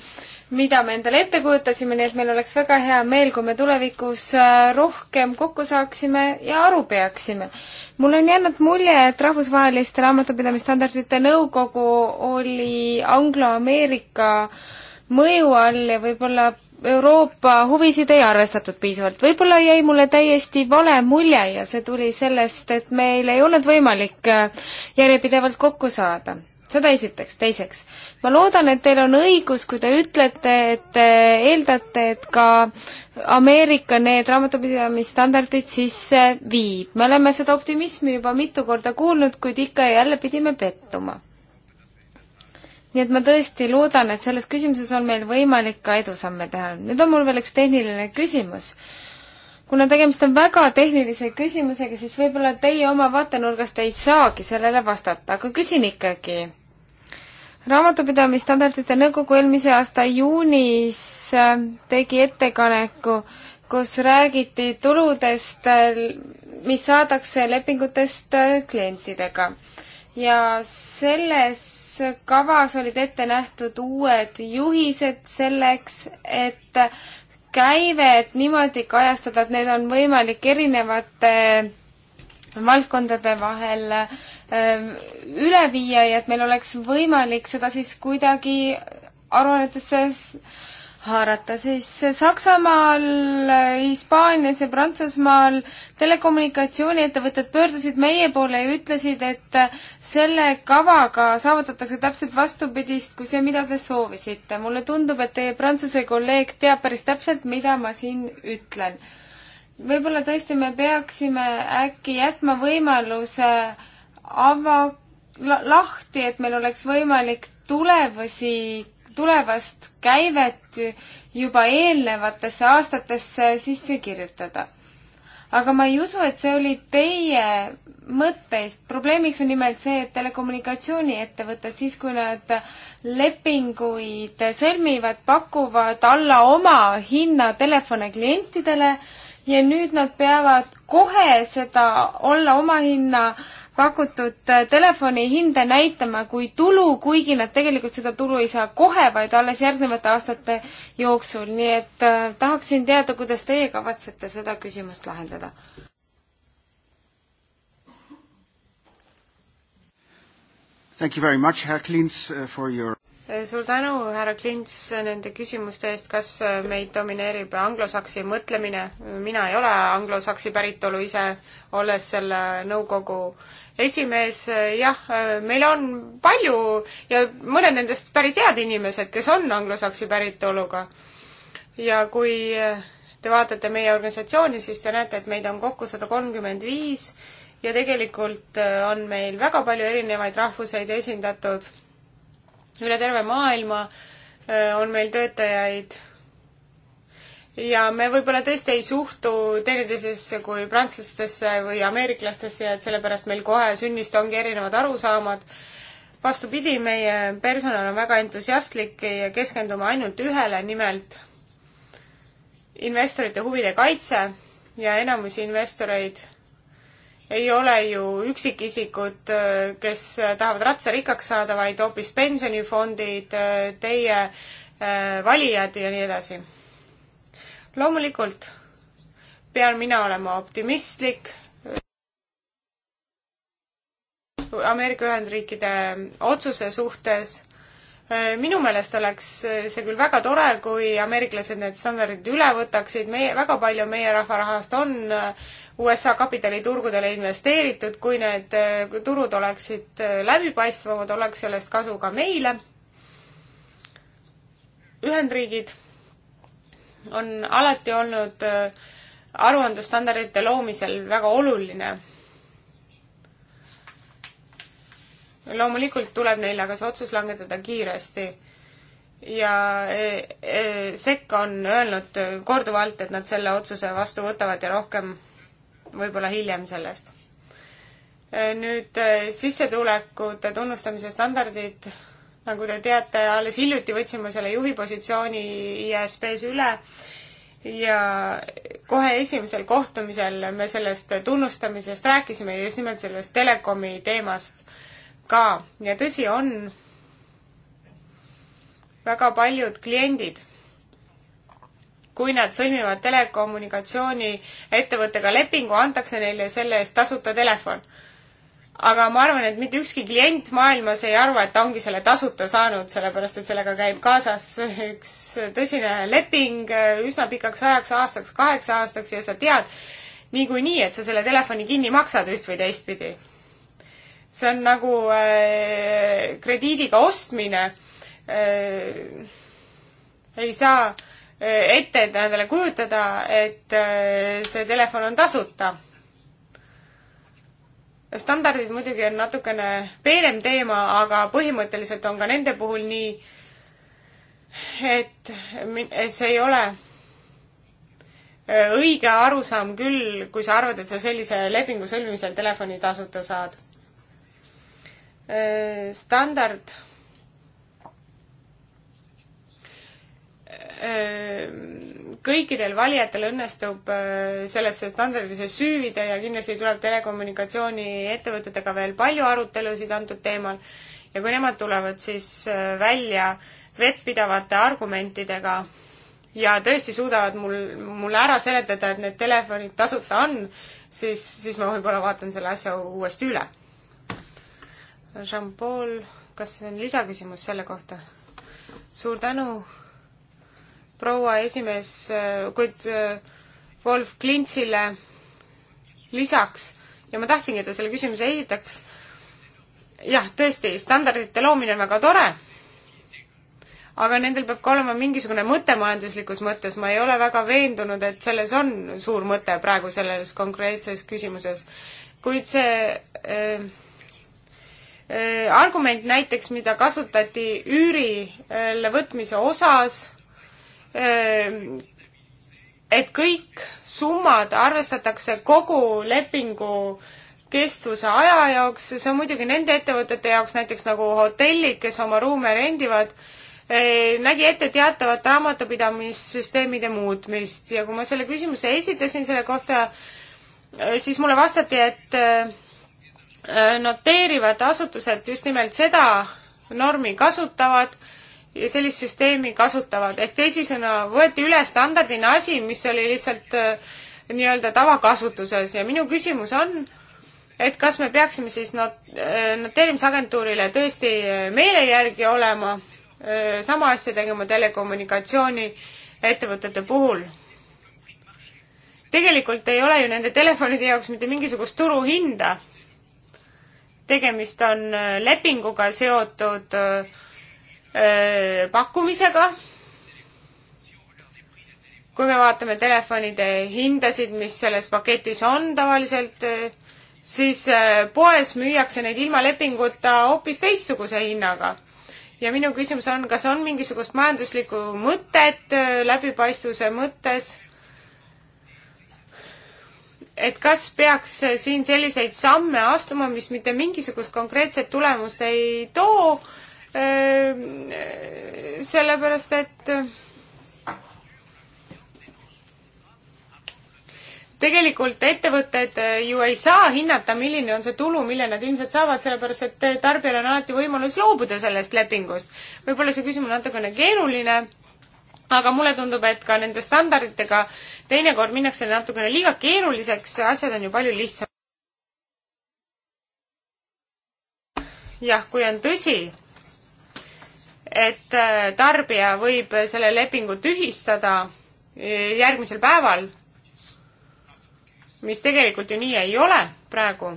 mida me endale ette kujutasime, nii et meil oleks väga hea meel, kui me tulevikus äh, rohkem kokku saaksime ja aru peaksime. mul on jäänud mulje, et rahvusvaheliste raamatupidamisstandardite nõukogu oli Anglo-Ameerika mõju all ja võib-olla Euroopa huvisid ei arvestatud piisavalt. võib-olla jäi mulle täiesti vale mulje ja see tuli sellest, et meil ei olnud võimalik äh, järjepidevalt kokku saada seda esiteks, teiseks, ma loodan, et teil on õigus, kui te ütlete, et te eh, eeldate, et ka Ameerika need raamatupidamisstandardid sisse viib. me oleme seda optimismi juba mitu korda kuulnud, kuid ikka ja jälle pidime pettuma. nii et ma tõesti loodan, et selles küsimuses on meil võimalik ka edusamme teha. nüüd on mul veel üks tehniline küsimus kuna tegemist on väga tehnilise küsimusega, siis võib-olla teie oma vaatenurgast ei saagi sellele vastata, aga küsin ikkagi raamatupidamisstandardite nõukogu eelmise aasta juunis äh, tegi ettepaneku, kus räägiti tuludest, äh, mis saadakse lepingutest äh, klientidega. ja selles kavas olid ette nähtud uued juhised selleks, et käivet niimoodi kajastada, et need on võimalik erinevate valdkondade vahel ähm, üle viia ja et meil oleks võimalik seda siis kuidagi aruannetesse haarata, siis Saksamaal, Hispaanias ja Prantsusmaal telekommunikatsiooniettevõtted pöördusid meie poole ja ütlesid, et selle kavaga saavutatakse täpselt vastupidist kui see, mida te soovisite. mulle tundub, et teie prantsuse kolleeg teab päris täpselt, mida ma siin ütlen võib-olla tõesti me peaksime äkki jätma võimaluse ava-, lahti, et meil oleks võimalik tulevasi, tulevast käivet juba eelnevatesse aastatesse sisse kirjutada. aga ma ei usu, et see oli teie mõtteist. probleemiks on nimelt see, et telekommunikatsiooniettevõtted siis, kui nad lepinguid sõlmivad, pakuvad alla oma hinna telefone klientidele ja nüüd nad peavad kohe seda olla omahinna pakutud äh, telefoni hinde näitama kui tulu, kuigi nad tegelikult seda tulu ei saa kohe, vaid alles järgnevate aastate jooksul, nii et äh, tahaksin teada, kuidas teie kavatsete seda küsimust lahendada? Thank you very much, Herr Klins, uh, for your suur tänu, härra Klints, nende küsimuste eest, kas meid domineerib anglosaksi mõtlemine. mina ei ole anglosaksi päritolu ise, olles selle nõukogu esimees, jah, meil on palju ja mõned nendest päris head inimesed, kes on anglosaksi päritoluga. ja kui te vaatate meie organisatsiooni, siis te näete, et meid on kokku sada kolmkümmend viis ja tegelikult on meil väga palju erinevaid rahvuseid esindatud üle terve maailma on meil töötajaid ja me võib-olla tõesti ei suhtu teineteisesse kui prantslastesse või ameeriklastesse ja et sellepärast meil kohe sünnist ongi erinevad arusaamad. vastupidi, meie personal on väga entusiastlik ja keskendume ainult ühele, nimelt investorite huvide kaitse ja enamusi investoreid ei ole ju üksikisikud, kes tahavad ratsarikkaks saada, vaid hoopis pensionifondid, teie eh, valijad ja nii edasi. loomulikult pean mina olema optimistlik. Ameerika Ühendriikide otsuse suhtes eh, minu meelest oleks see küll väga tore, kui ameeriklased need standardid üle võtaksid, meie, väga palju meie rahva rahast on eh, USA kapitaliturgudele investeeritud, kui need turud oleksid äh, läbipaistvamad, oleks sellest kasu ka meile. Ühendriigid on alati olnud äh, aruandlusstandardite loomisel väga oluline. loomulikult tuleb neil aga see otsus langetada kiiresti ja äh, SEC on öelnud korduvalt, et nad selle otsuse vastu võtavad ja rohkem võib-olla hiljem sellest. nüüd äh, sissetulekute tunnustamise standardid, nagu te teate, alles hiljuti võtsime selle juhi positsiooni ISP-s üle ja kohe esimesel kohtumisel me sellest tunnustamisest rääkisime ja just nimelt sellest telekomi teemast ka ja tõsi on, väga paljud kliendid kui nad sõlmivad telekommunikatsiooniettevõttega lepingu, antakse neile selle eest tasuta telefon. aga ma arvan, et mitte ükski klient maailmas ei arva, et ta ongi selle tasuta saanud, sellepärast et sellega käib kaasas üks tõsine leping äh, üsna pikaks ajaks, aastaks, kaheks aastaks ja sa tead niikuinii, nii, et sa selle telefoni kinni maksad üht või teistpidi. see on nagu äh, krediidiga ostmine äh,. ei saa äh, ette endale kujutada, et äh, see telefon on tasuta. standardid muidugi on natukene peenem teema, aga põhimõtteliselt on ka nende puhul nii, et see ei ole äh, õige arusaam küll, kui sa arvad, et sa sellise lepingu sõlmimisel telefoni tasuta saad. Äh, standard Ehm, kõikidel valijatel õnnestub äh, sellesse standardisse süüvida ja kindlasti tuleb telekommunikatsiooniettevõtetega veel palju arutelusid antud teemal ja kui nemad tulevad siis äh, välja vettpidavate argumentidega ja tõesti suudavad mul, mulle ära seletada, et need telefonid tasuta on, siis, siis ma võib-olla vaatan selle asja uuesti üle. Jean-Paul, kas on lisaküsimus selle kohta? suur tänu proua esimees, kuid äh, Wolf Klintsile lisaks ja ma tahtsingi, et ta selle küsimuse esitaks. jah, tõesti, standardite loomine on väga tore, aga nendel peab ka olema mingisugune mõte majanduslikus mõttes, ma ei ole väga veendunud, et selles on suur mõte praegu selles konkreetses küsimuses. kuid see äh, äh, argument näiteks, mida kasutati üürile võtmise osas, Ehm, et kõik summad arvestatakse kogu lepingu kestvuse aja jaoks, see on muidugi nende ettevõtete jaoks, näiteks nagu hotellid, kes oma ruume rendivad, eh, nägi ette teatavat raamatupidamissüsteemide muutmist ja kui ma selle küsimuse esitasin selle kohta, eh, siis mulle vastati, et eh, noteerivad asutused just nimelt seda normi kasutavad sellist süsteemi kasutavad. ehk teisisõnu, võeti üle standardina asi, mis oli lihtsalt äh, nii-öelda tavakasutuses ja minu küsimus on, et kas me peaksime siis not-, äh, noteerimisagentuurile tõesti äh, meele järgi olema, sama asja tegema telekommunikatsiooniettevõtete puhul? tegelikult ei ole ju nende telefonide jaoks mitte mingisugust turuhinda. tegemist on lepinguga seotud äh, pakkumisega. kui me vaatame telefonide hindasid, mis selles paketis on tavaliselt, siis poes müüakse neid ilma lepinguta hoopis teistsuguse hinnaga. ja minu küsimus on, kas on mingisugust majanduslikku mõtet läbipaistvuse mõttes? et kas peaks siin selliseid samme astuma, mis mitte mingisugust konkreetset tulemust ei too Ehm, sellepärast, et tegelikult ettevõtted ju ei saa hinnata, milline on see tulu, mille nad ilmselt saavad, sellepärast et tarbijal on alati võimalus loobuda sellest lepingust. võib-olla see küsimus on natukene keeruline, aga mulle tundub, et ka nende standarditega teinekord minnakse natukene liiga keeruliseks, asjad on ju palju lihtsamad. jah, kui on tõsi, et äh, tarbija võib selle lepingu tühistada äh, järgmisel päeval, mis tegelikult ju nii ei ole praegu,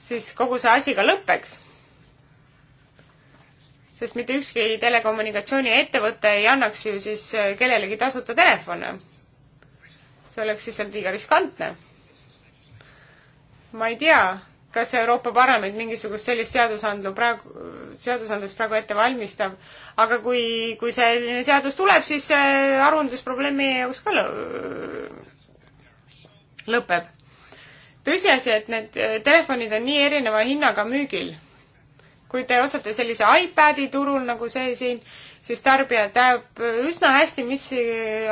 siis kogu see asi ka lõpeks. sest mitte ükski telekommunikatsiooniettevõte ei annaks ju siis äh, kellelegi tasuta telefone. see oleks lihtsalt liiga riskantne. ma ei tea kas Euroopa Parlament mingisugust sellist seadusandlu praegu, seadusandlust praegu ette valmistab, aga kui, kui selline seadus tuleb, siis see aruandlusprobleem meie jaoks ka lõpeb. tõsiasi, et need äh, telefonid on nii erineva hinnaga müügil. kui te ostate sellise iPadi turul nagu see siin, siis tarbija teab üsna hästi, mis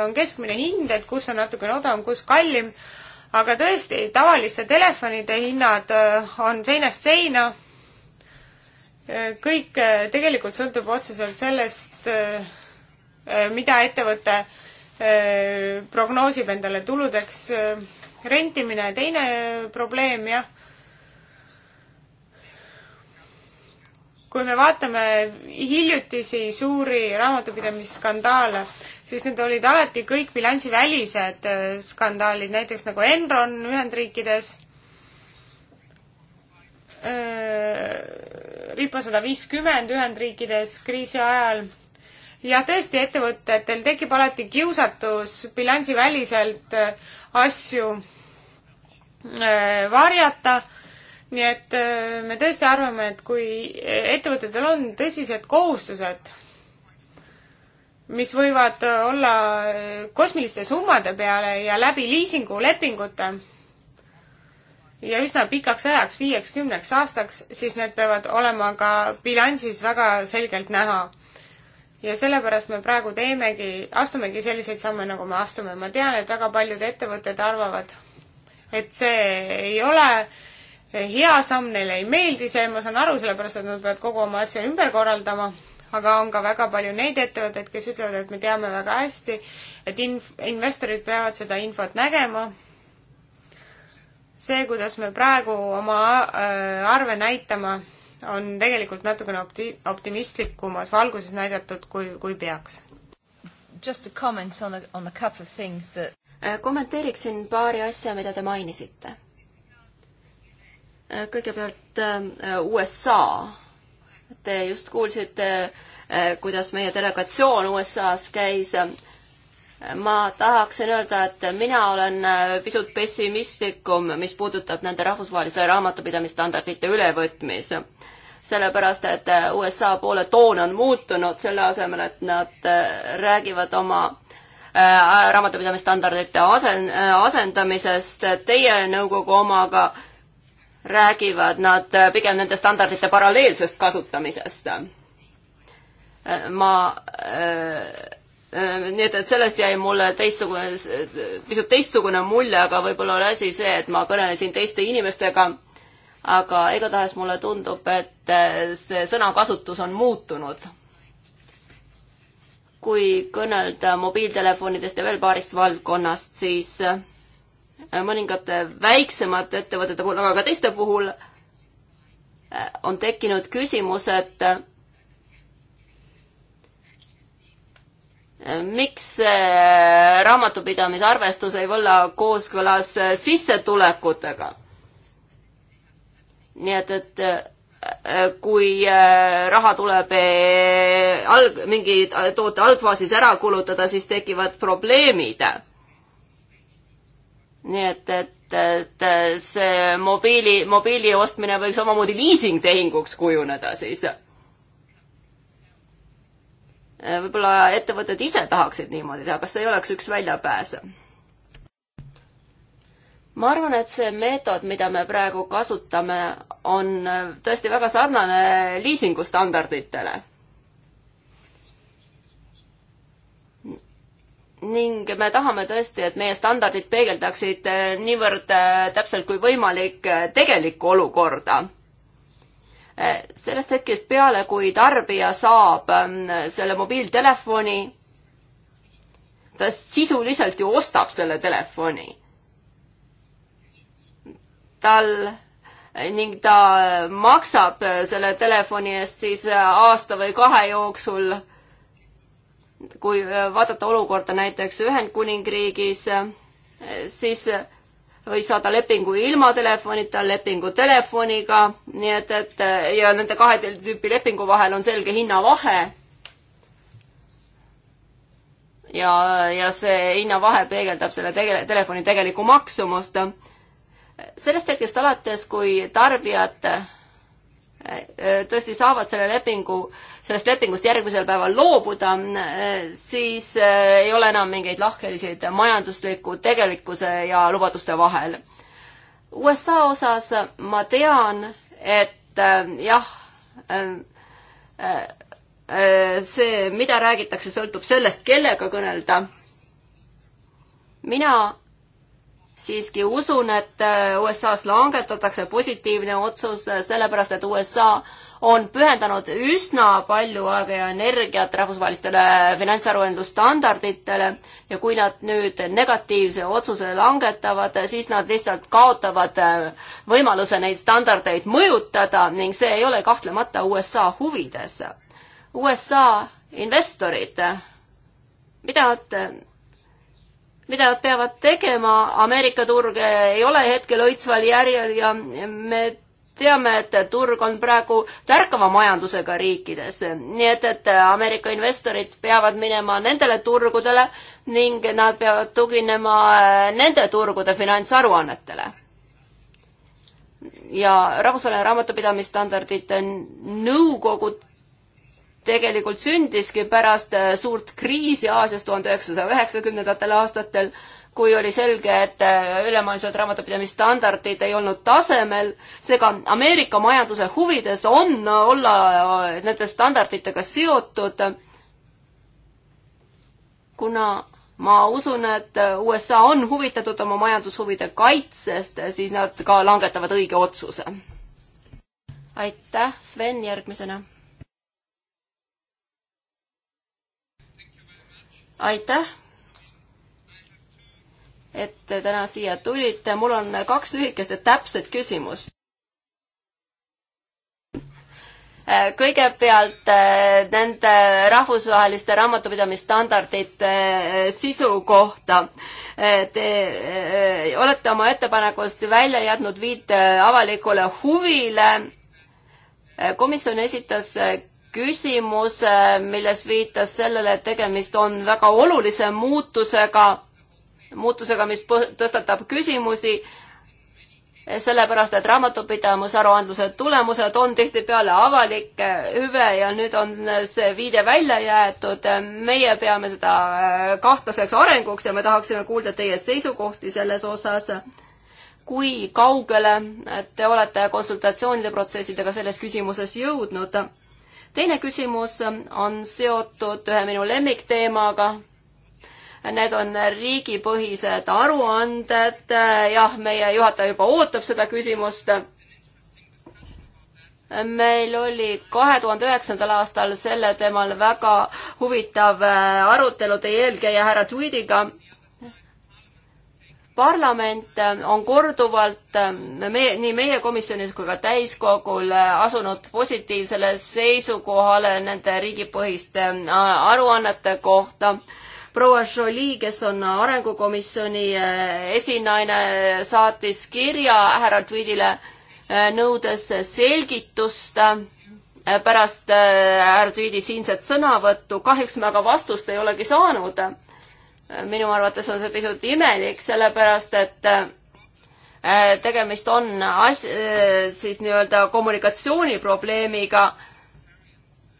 on keskmine hind, et kus on natukene odavam, kus kallim aga tõesti, tavaliste telefonide hinnad äh, on seinast seina. Äh, kõik äh, tegelikult sõltub otseselt sellest, mida ettevõte prognoosib endale tuludeks. rentimine, teine probleem, jah kui me vaatame hiljutisi suuri raamatupidamisskandaale, siis need olid alati kõik bilansivälised äh, skandaalid, näiteks nagu Enron Ühendriikides, äh, Ripo sada viiskümmend Ühendriikides kriisi ajal ja tõesti, ettevõtetel tekib alati kiusatus bilansiväliselt äh, asju varjata nii et me tõesti arvame, et kui ettevõtetel on tõsised kohustused mis võivad äh, olla äh, kosmiliste summade peale ja läbi liisingulepingute ja üsna pikaks ajaks, viieks-kümneks aastaks, siis need peavad olema ka bilansis väga selgelt näha. ja sellepärast me praegu teemegi, astumegi selliseid samme, nagu me astume. ma tean, et väga paljud ettevõtted arvavad, et see ei ole hea samm, neile ei meeldi see, ma saan aru, sellepärast et nad peavad kogu oma asju ümber korraldama aga on ka väga palju neid ettevõtteid, kes ütlevad, et me teame väga hästi, et inf-, investorid peavad seda infot nägema. see, kuidas me praegu oma äh, arve näitame, on tegelikult natukene opti-, optimistlikumas valguses näidatud, kui, kui peaks. Just to comment on a, on a couple of things that äh, kommenteeriksin paari asja, mida te mainisite. Äh, kõigepealt USA Te just kuulsite, eh, kuidas meie delegatsioon USA-s käis. ma tahaksin öelda, et mina olen eh, pisut pessimistlikum, mis puudutab nende rahvusvaheliste raamatupidamisstandardite ülevõtmist sellepärast et eh, USA poole toon on muutunud selle asemel, et nad räägivad oma raamatupidamisstandardite asen-, asendamisest teie nõukogu omaga räägivad nad äh, pigem nende standardite paralleelsest kasutamisest. Äh, ma äh, nii et, et sellest jäi mulle teistsugune, pisut teistsugune mulje, aga võib-olla oli asi see, et ma kõnelesin teiste inimestega, aga igatahes mulle tundub, et see sõnakasutus on muutunud. kui kõnelda mobiiltelefonidest ja veel paarist valdkonnast, siis mõningate väiksemate ettevõtete puhul, aga ka teiste puhul äh, on tekkinud küsimus, et äh, miks raamatupidamise arvestus ei või olla kooskõlas äh, sissetulekutega? nii et, et kui raha tuleb alg-, mingi toote algfaasis ära kulutada, siis tekivad probleemid nii et, et, et see mobiili, mobiili ostmine võiks omamoodi liisingtehinguks kujuneda siis. võib-olla ettevõtted ise tahaksid niimoodi teha, kas see ei oleks üks väljapääs? ma arvan, et see meetod, mida me praegu kasutame, on tõesti väga sarnane liisingustandarditele ning me tahame tõesti, et meie standardid peegeldaksid eh, niivõrd eh, täpselt kui võimalik eh, tegelikku olukorda. sellest hetkest peale, kui tarbija saab mm, selle mobiiltelefoni, ta sisuliselt ju ostab selle telefoni. tal ning ta maksab selle telefoni eest siis aasta või kahe jooksul kui äh, vaadata olukorda näiteks Ühendkuningriigis, äh, siis äh, võib saada lepingu ilma telefonita, lepingu telefoniga, nii et, et ja nende kahe tüüpi lepingu vahel on selge hinnavahe. ja, ja see hinnavahe peegeldab selle tege-, telefoni tegelikku maksumust. sellest hetkest alates, kui tarbijad tõesti saavad selle lepingu, sellest lepingust järgmisel päeval loobuda, siis eh, ei ole enam mingeid lahkhelisid majandusliku tegelikkuse ja lubaduste vahel. USA osas ma tean, et eh, jah, eh, see, mida räägitakse, sõltub sellest, kellega kõnelda. mina siiski usun, et äh, USA-s langetatakse positiivne otsus, äh, sellepärast et USA on pühendanud üsna palju aega ja energiat rahvusvahelistele finantsaruandlusstandarditele ja kui nad nüüd negatiivse otsuse langetavad, siis nad lihtsalt kaotavad äh, võimaluse neid standardeid mõjutada ning see ei ole kahtlemata USA huvides. USA investorid, mida nad mida nad peavad tegema, Ameerika turg ei ole hetkel õitsval järjel ja me teame, et turg on praegu tärkava majandusega riikides, nii et, et Ameerika investorid peavad minema nendele turgudele ning nad peavad tuginema äh, nende turgude finantsaruannetele. ja rahvusvaheline raamatupidamisstandardite nõukogu tegelikult sündiski pärast äh, suurt kriisi Aasias tuhande üheksasaja üheksakümnendatel aastatel, kui oli selge, et äh, ülemaailmsed raamatupidamisstandardid ei olnud tasemel, seega Ameerika majanduse huvides on olla äh, nende standarditega seotud, kuna ma usun, et USA on huvitatud oma majandushuvide kaitsest, siis nad ka langetavad õige otsuse. aitäh, Sven, järgmisena. aitäh, et te täna siia tulite. mul on kaks lühikest ja täpset küsimust. kõigepealt eh, nende rahvusvaheliste raamatupidamisstandardite eh, sisu kohta. Eh, te olete oma ettepanekust välja jätnud viite avalikule huvile. komisjon esitas küsimuse, milles viitas sellele, et tegemist on väga olulise muutusega, muutusega, mis tõstatab küsimusi, sellepärast et raamatupidamusaruandluse tulemused on tihtipeale avalik hüve ja nüüd on see viide välja jäetud. meie peame seda äh, kahtlaseks arenguks ja me tahaksime kuulda teie seisukohti selles osas. kui kaugele te olete konsultatsioonide protsessidega selles küsimuses jõudnud? teine küsimus on seotud ühe minu lemmikteemaga. Need on riigipõhised aruanded. jah, meie juhataja juba ootab seda küsimust meil oli kahe tuhande üheksandal aastal selle teemal väga huvitav arutelu teie eelkäija härra Tweediga parlament äh, on korduvalt äh, meie, nii meie komisjonis kui ka täiskogul äh, asunud positiivsele seisukohale nende riigipõhiste aruannete kohta. proua Jolie, kes on arengukomisjoni esinaine, saatis kirja härra Tweedile nõudes selgitust pärast härra Tweedi siinset sõnavõttu. kahjuks me aga vastust ei olegi saanud minu arvates on see pisut imelik, sellepärast et äh, tegemist on as-, äh, siis nii-öelda kommunikatsiooniprobleemiga.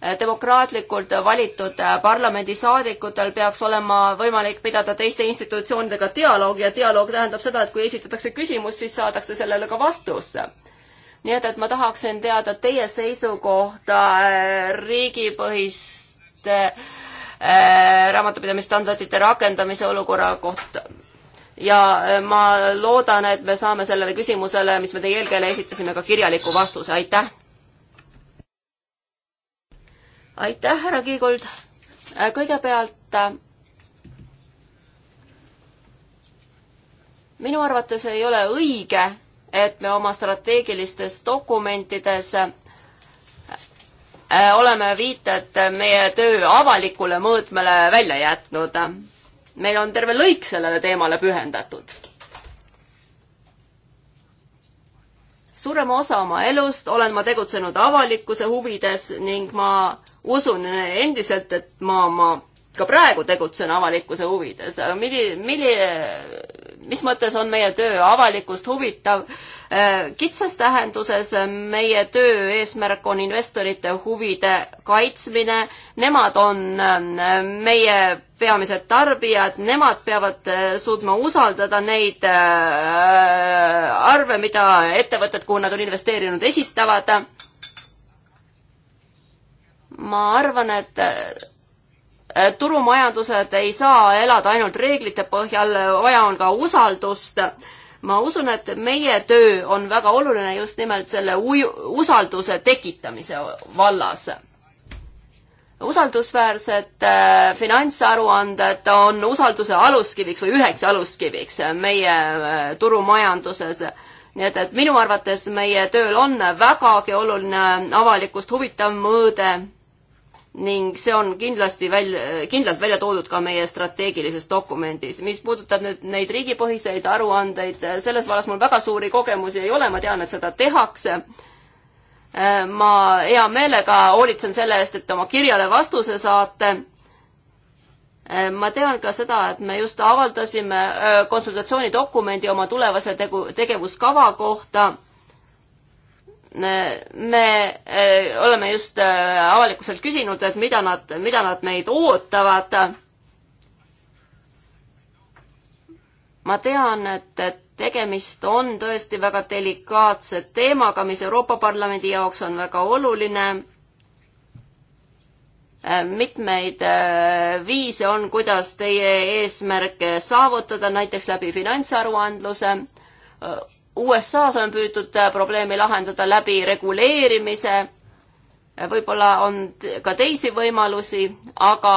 Äh, demokraatlikult valitud parlamendisaadikutel peaks olema võimalik pidada teiste institutsioonidega dialoogi ja dialoog tähendab seda, et kui esitatakse küsimus, siis saadakse sellele ka vastus nii et, et ma tahaksin teada teie seisukohta riigipõhiste äh, Äh, raamatupidamisstandardite rakendamise olukorra kohta. ja äh, ma loodan, et me saame sellele küsimusele, mis me teie eelkäijale esitasime, ka kirjaliku vastuse, aitäh! aitäh, härra Kiigold! Äh, kõigepealt minu arvates ei ole õige, et me oma strateegilistes dokumentides Äh, oleme viited meie töö avalikule mõõtmele välja jätnud. meil on terve lõik sellele teemale pühendatud. suurema osa oma elust olen ma tegutsenud avalikkuse huvides ning ma usun endiselt, et ma, ma ka praegu tegutsen avalikkuse huvides, aga milli-, milli, mis mõttes on meie töö avalikkust huvitav? Äh, kitsas tähenduses meie töö eesmärk on investorite huvide kaitsmine, nemad on äh, meie peamised tarbijad, nemad peavad äh, suutma usaldada neid arve, mida ettevõtted, kuhu nad on investeerinud, esitavad. ma arvan, et Äh, turumajandused ei saa elada ainult reeglite põhjal, vaja on ka usaldust. ma usun, et meie töö on väga oluline just nimelt selle usalduse tekitamise vallas usaldusväärsed äh, finantsaruanded on usalduse aluskiviks või üheks aluskiviks meie äh, turumajanduses. nii et, et minu arvates meie tööl on vägagi oluline avalikkust huvitav mõõde ning see on kindlasti välja, kindlalt välja toodud ka meie strateegilises dokumendis. mis puudutab nüüd neid riigipõhiseid aruandeid, selles vallas mul väga suuri kogemusi ei ole, ma tean, et seda tehakse. ma hea meelega hoolitsen selle eest, et oma kirjale vastuse saate. ma tean ka seda, et me just avaldasime äh, konsultatsioonidokumendi oma tulevase tegu, tegevuskava kohta me eh, oleme just eh, avalikkuselt küsinud, et mida nad, mida nad meid ootavad. ma tean, et, et tegemist on tõesti väga delikaatse teemaga, mis Euroopa Parlamendi jaoks on väga oluline. Eh, mitmeid viise on, kuidas teie eesmärke saavutada, näiteks läbi finantsaruandluse USA-s on püütud äh, probleemi lahendada läbi reguleerimise, äh, võib-olla on ka teisi võimalusi, aga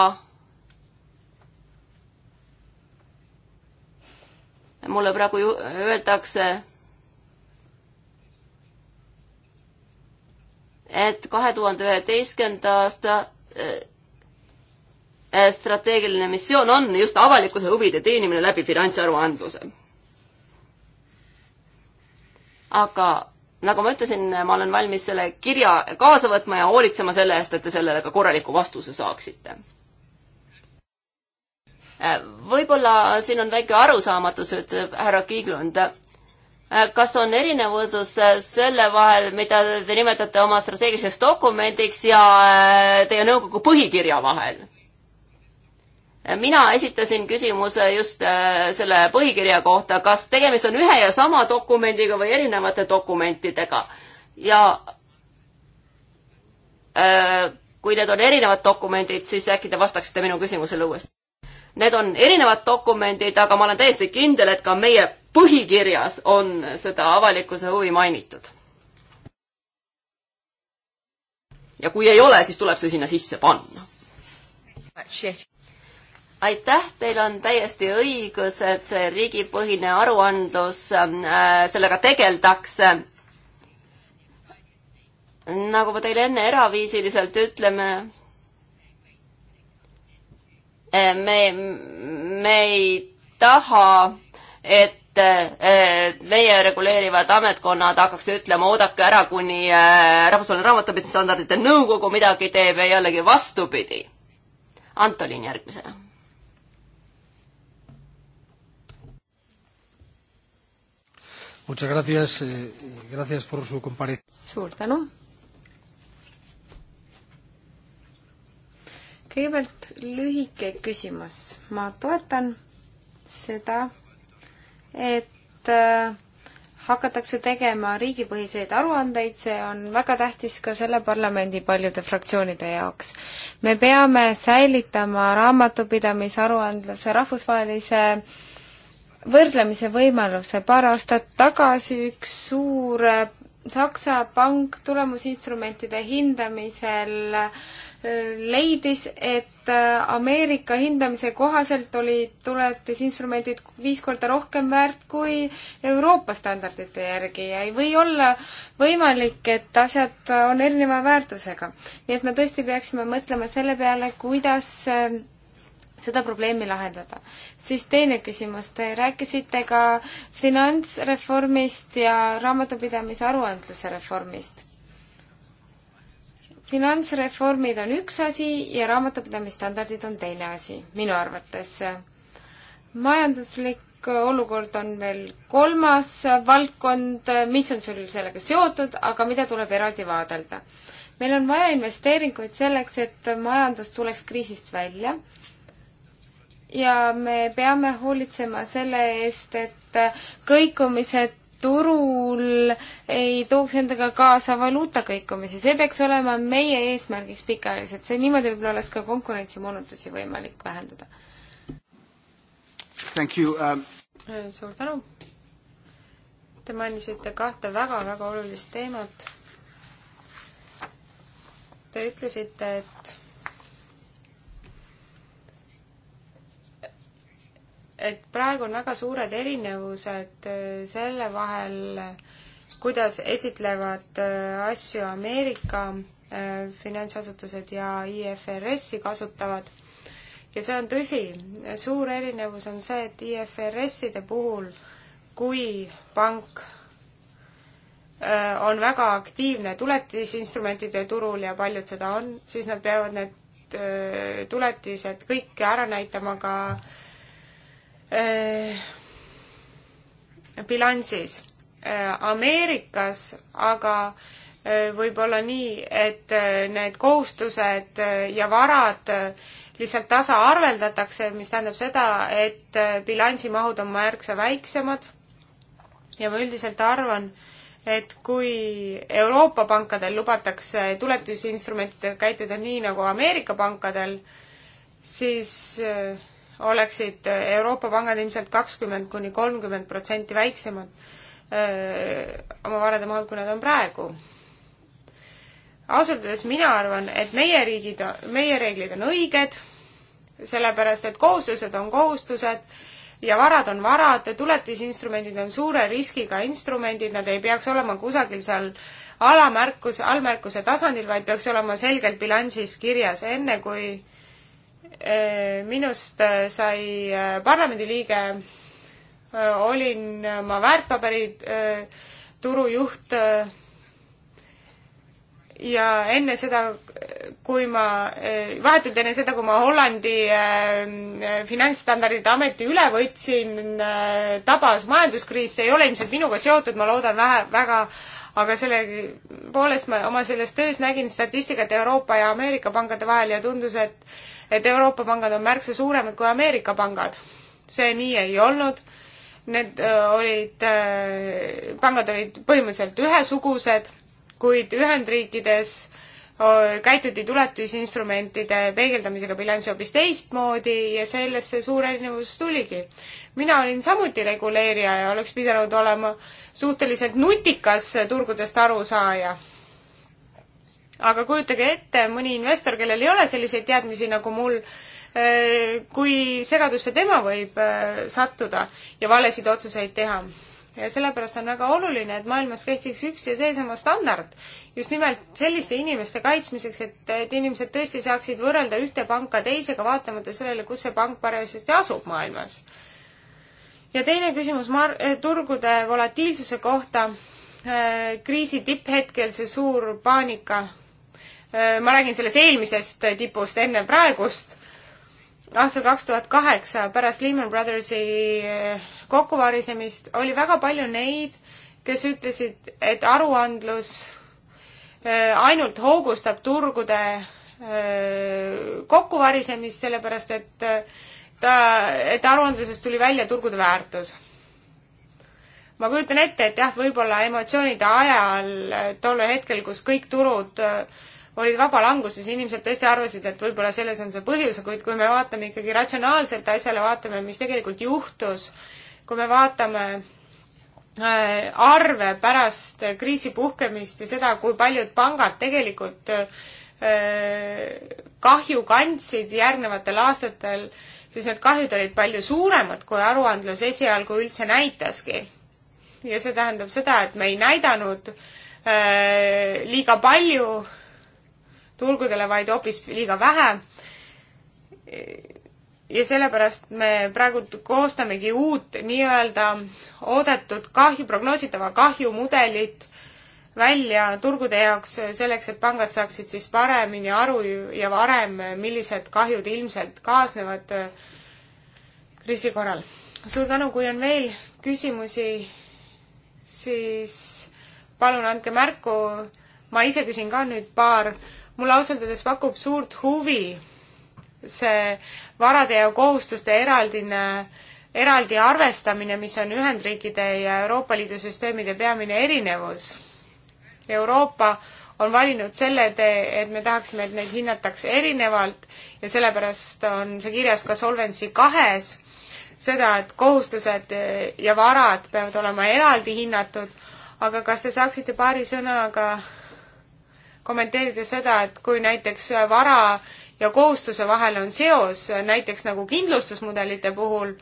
mulle praegu ju öeldakse, et kahe tuhande üheteistkümnenda aasta äh, strateegiline missioon on just avalikkuse huvide teenimine läbi finantsaruandluse aga nagu ma ütlesin, ma olen valmis selle kirja kaasa võtma ja hoolitsema selle eest, et te sellele ka korraliku vastuse saaksite. Äh, võib-olla siin on väike arusaamatus, ütleb härra Kiiglund. Äh, kas on erinevus selle vahel, mida te nimetate oma strateegiliseks dokumendiks ja äh, teie nõukogu põhikirja vahel? mina esitasin küsimuse just äh, selle põhikirja kohta, kas tegemist on ühe ja sama dokumendiga või erinevate dokumentidega ja äh, kui need on erinevad dokumendid, siis äkki te vastaksite minu küsimusele uuesti. Need on erinevad dokumendid, aga ma olen täiesti kindel, et ka meie põhikirjas on seda avalikkuse huvi mainitud. ja kui ei ole, siis tuleb see sinna sisse panna aitäh, teil on täiesti õigus, et see riigipõhine aruandlus äh,, sellega tegeldakse. nagu ma teile enne eraviisiliselt ütleme, äh, me, me ei taha, et äh, meie reguleerivad ametkonnad hakkaks ütlema, oodake ära, kuni äh, Rahvusvaheline Raamatupidamise Standardite Nõukogu midagi teeb ja jällegi vastupidi. Antolin järgmisena Muchas gracias, eh, gracias por su compare-. suur tänu. kõigepealt lühike küsimus. ma toetan seda, et äh, hakatakse tegema riigipõhiseid aruandeid, see on väga tähtis ka selle parlamendi paljude fraktsioonide jaoks. me peame säilitama raamatupidamisaruandluse rahvusvahelise äh, võrdlemise võimaluse. paar aastat tagasi üks suur äh, Saksa pank tulemusinstrumentide hindamisel äh, leidis, et äh, Ameerika hindamise kohaselt olid tuletisinstrumendid viis korda rohkem väärt kui Euroopa standardite järgi ja ei või olla võimalik, et asjad on erineva väärtusega. nii et me tõesti peaksime mõtlema selle peale, kuidas seda probleemi lahendada. siis teine küsimus, te rääkisite ka finantsreformist ja raamatupidamise aruandluse reformist. finantsreformid on üks asi ja raamatupidamisstandardid on teine asi, minu arvates. majanduslik olukord on veel kolmas valdkond, mis on sul sellega seotud, aga mida tuleb eraldi vaadelda. meil on vaja investeeringuid selleks, et majandus tuleks kriisist välja ja me peame hoolitsema selle eest, et kõikumised turul ei tooks endaga kaasa valuuta kõikumisi, see peaks olema meie eesmärgiks pikaajaliselt, see niimoodi võib-olla oleks ka konkurentsimoonutusi võimalik vähendada. Um... suur tänu! Te mainisite kahte väga-väga olulist teemat. Te ütlesite, et et praegu on väga suured erinevused äh, selle vahel, kuidas esitlevad äh, asju Ameerika äh, finantsasutused ja IFRS-i kasutavad. ja see on tõsi, suur erinevus on see, et IFRS-ide puhul, kui pank on väga aktiivne tuletisinstrumentide turul ja paljud seda on, siis nad peavad need tuletised kõik ära näitama ka äh, Äh, bilansis. Äh, Ameerikas aga äh, võib olla nii, et need kohustused ja varad lihtsalt tasaarveldatakse, mis tähendab seda, et bilansimahud on märksa väiksemad. ja ma üldiselt arvan, et kui Euroopa pankadel lubatakse tuletisinstrumentidega käituda nii nagu Ameerika pankadel, siis äh, oleksid Euroopa pangad ilmselt kakskümmend kuni kolmkümmend protsenti väiksemad öö, oma varade mahult, kui nad on praegu. ausalt öeldes mina arvan, et meie riigid, meie reeglid on õiged, sellepärast et kohustused on kohustused ja varad on varad, tuletisinstrumendid on suure riskiga instrumendid, nad ei peaks olema kusagil seal alamärkus, allmärkuse tasandil, vaid peaks olema selgelt bilansis kirjas, enne kui äh, Eh, minust eh, sai eh, parlamendiliige, olin ma väärtpaberituru juht ja enne seda, kui ma, vahetult enne seda, kui ma Hollandi finantsstandardite ameti üle võtsin, tabas majanduskriis, see ei ole ilmselt minuga seotud, ma loodan vähe, väga, väga aga selle poolest ma oma selles töös nägin statistikat Euroopa ja Ameerika pankade vahel ja tundus, et et Euroopa pangad on märksa suuremad kui Ameerika pangad. see nii ei olnud. Need olid, pangad olid põhimõtteliselt ühesugused, kuid Ühendriikides äh, käituti tuletusinstrumentide peegeldamisega bilanssi hoopis teistmoodi ja sellest see suur erinevus tuligi. mina olin samuti reguleerija ja oleks pidanud olema suhteliselt nutikas turgudest arusaaja. aga kujutage ette, mõni investor, kellel ei ole selliseid teadmisi nagu mul, kui segadusse tema võib sattuda ja valesid otsuseid teha ja sellepärast on väga oluline, et maailmas kehtiks üks ja seesama standard. just nimelt selliste inimeste kaitsmiseks, et, et inimesed tõesti saaksid võrrelda ühte panka teisega, vaatamata sellele, kus see pank parajasti asub maailmas. ja teine küsimus mar-, eh, turgude volatiilsuse kohta eh, kriisi tipphetkel see suur paanika. Eh, ma räägin sellest eelmisest tipust enne praegust aastal kaks tuhat kaheksa pärast Lehman Brothersi eh, kokkuvarisemist oli väga palju neid, kes ütlesid, et aruandlus eh, ainult hoogustab turgude eh, kokkuvarisemist, sellepärast et ta, et aruandlusest tuli välja turgude väärtus. ma kujutan ette, et jah, võib-olla emotsioonide ajal tollel hetkel, kus kõik turud äh, olid vabalanguses, inimesed tõesti arvasid, et võib-olla selles on see põhjus, kuid kui me vaatame ikkagi ratsionaalselt asjale, vaatame, mis tegelikult juhtus, kui me vaatame äh, arve pärast kriisi puhkemist ja seda, kui paljud pangad tegelikult äh, kahju kandsid järgnevatel aastatel, siis need kahjud olid palju suuremad, kui aruandlus esialgu üldse näitaski. ja see tähendab seda, et me ei näidanud äh, liiga palju turgudele, vaid hoopis liiga vähe. ja sellepärast me praegu koostamegi uut nii-öelda oodatud kahju, prognoositava kahju mudelit välja turgude jaoks, selleks et pangad saaksid siis paremini aru ja varem, millised kahjud ilmselt kaasnevad äh, kriisi korral. suur tänu, kui on veel küsimusi, siis palun andke märku. ma ise küsin ka nüüd paar mulle ausalt öeldes pakub suurt huvi see varade ja kohustuste eraldine, eraldi arvestamine, mis on Ühendriikide ja Euroopa Liidu süsteemide peamine erinevus. Euroopa on valinud selle tee, et me tahaksime, et neid hinnatakse erinevalt ja sellepärast on see kirjas ka Solvency kahes, seda, et kohustused ja varad peavad olema eraldi hinnatud, aga kas te saaksite paari sõnaga kommenteerida seda, et kui näiteks vara ja kohustuse vahel on seos, näiteks nagu kindlustusmudelite puhul,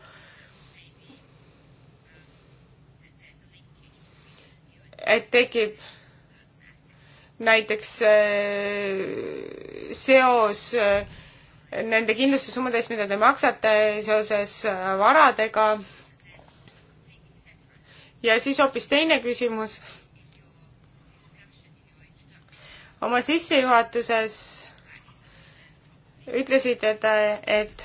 et tekib näiteks äh, seos äh, nende kindlustussummadest, mida te maksate seoses äh, varadega. ja siis hoopis teine küsimus oma sissejuhatuses ütlesid, et, et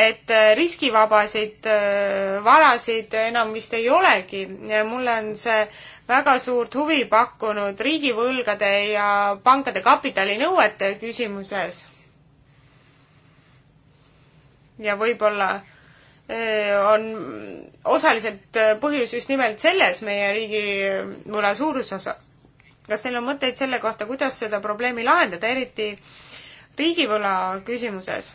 et riskivabasid äh, varasid enam vist ei olegi. mulle on see väga suurt huvi pakkunud riigivõlgade ja pankade kapitalinõuete küsimuses. ja võib-olla äh, on osaliselt põhjus just nimelt selles meie riigivõla suurusosas kas teil on mõtteid selle kohta, kuidas seda probleemi lahendada, eriti riigivõla küsimuses?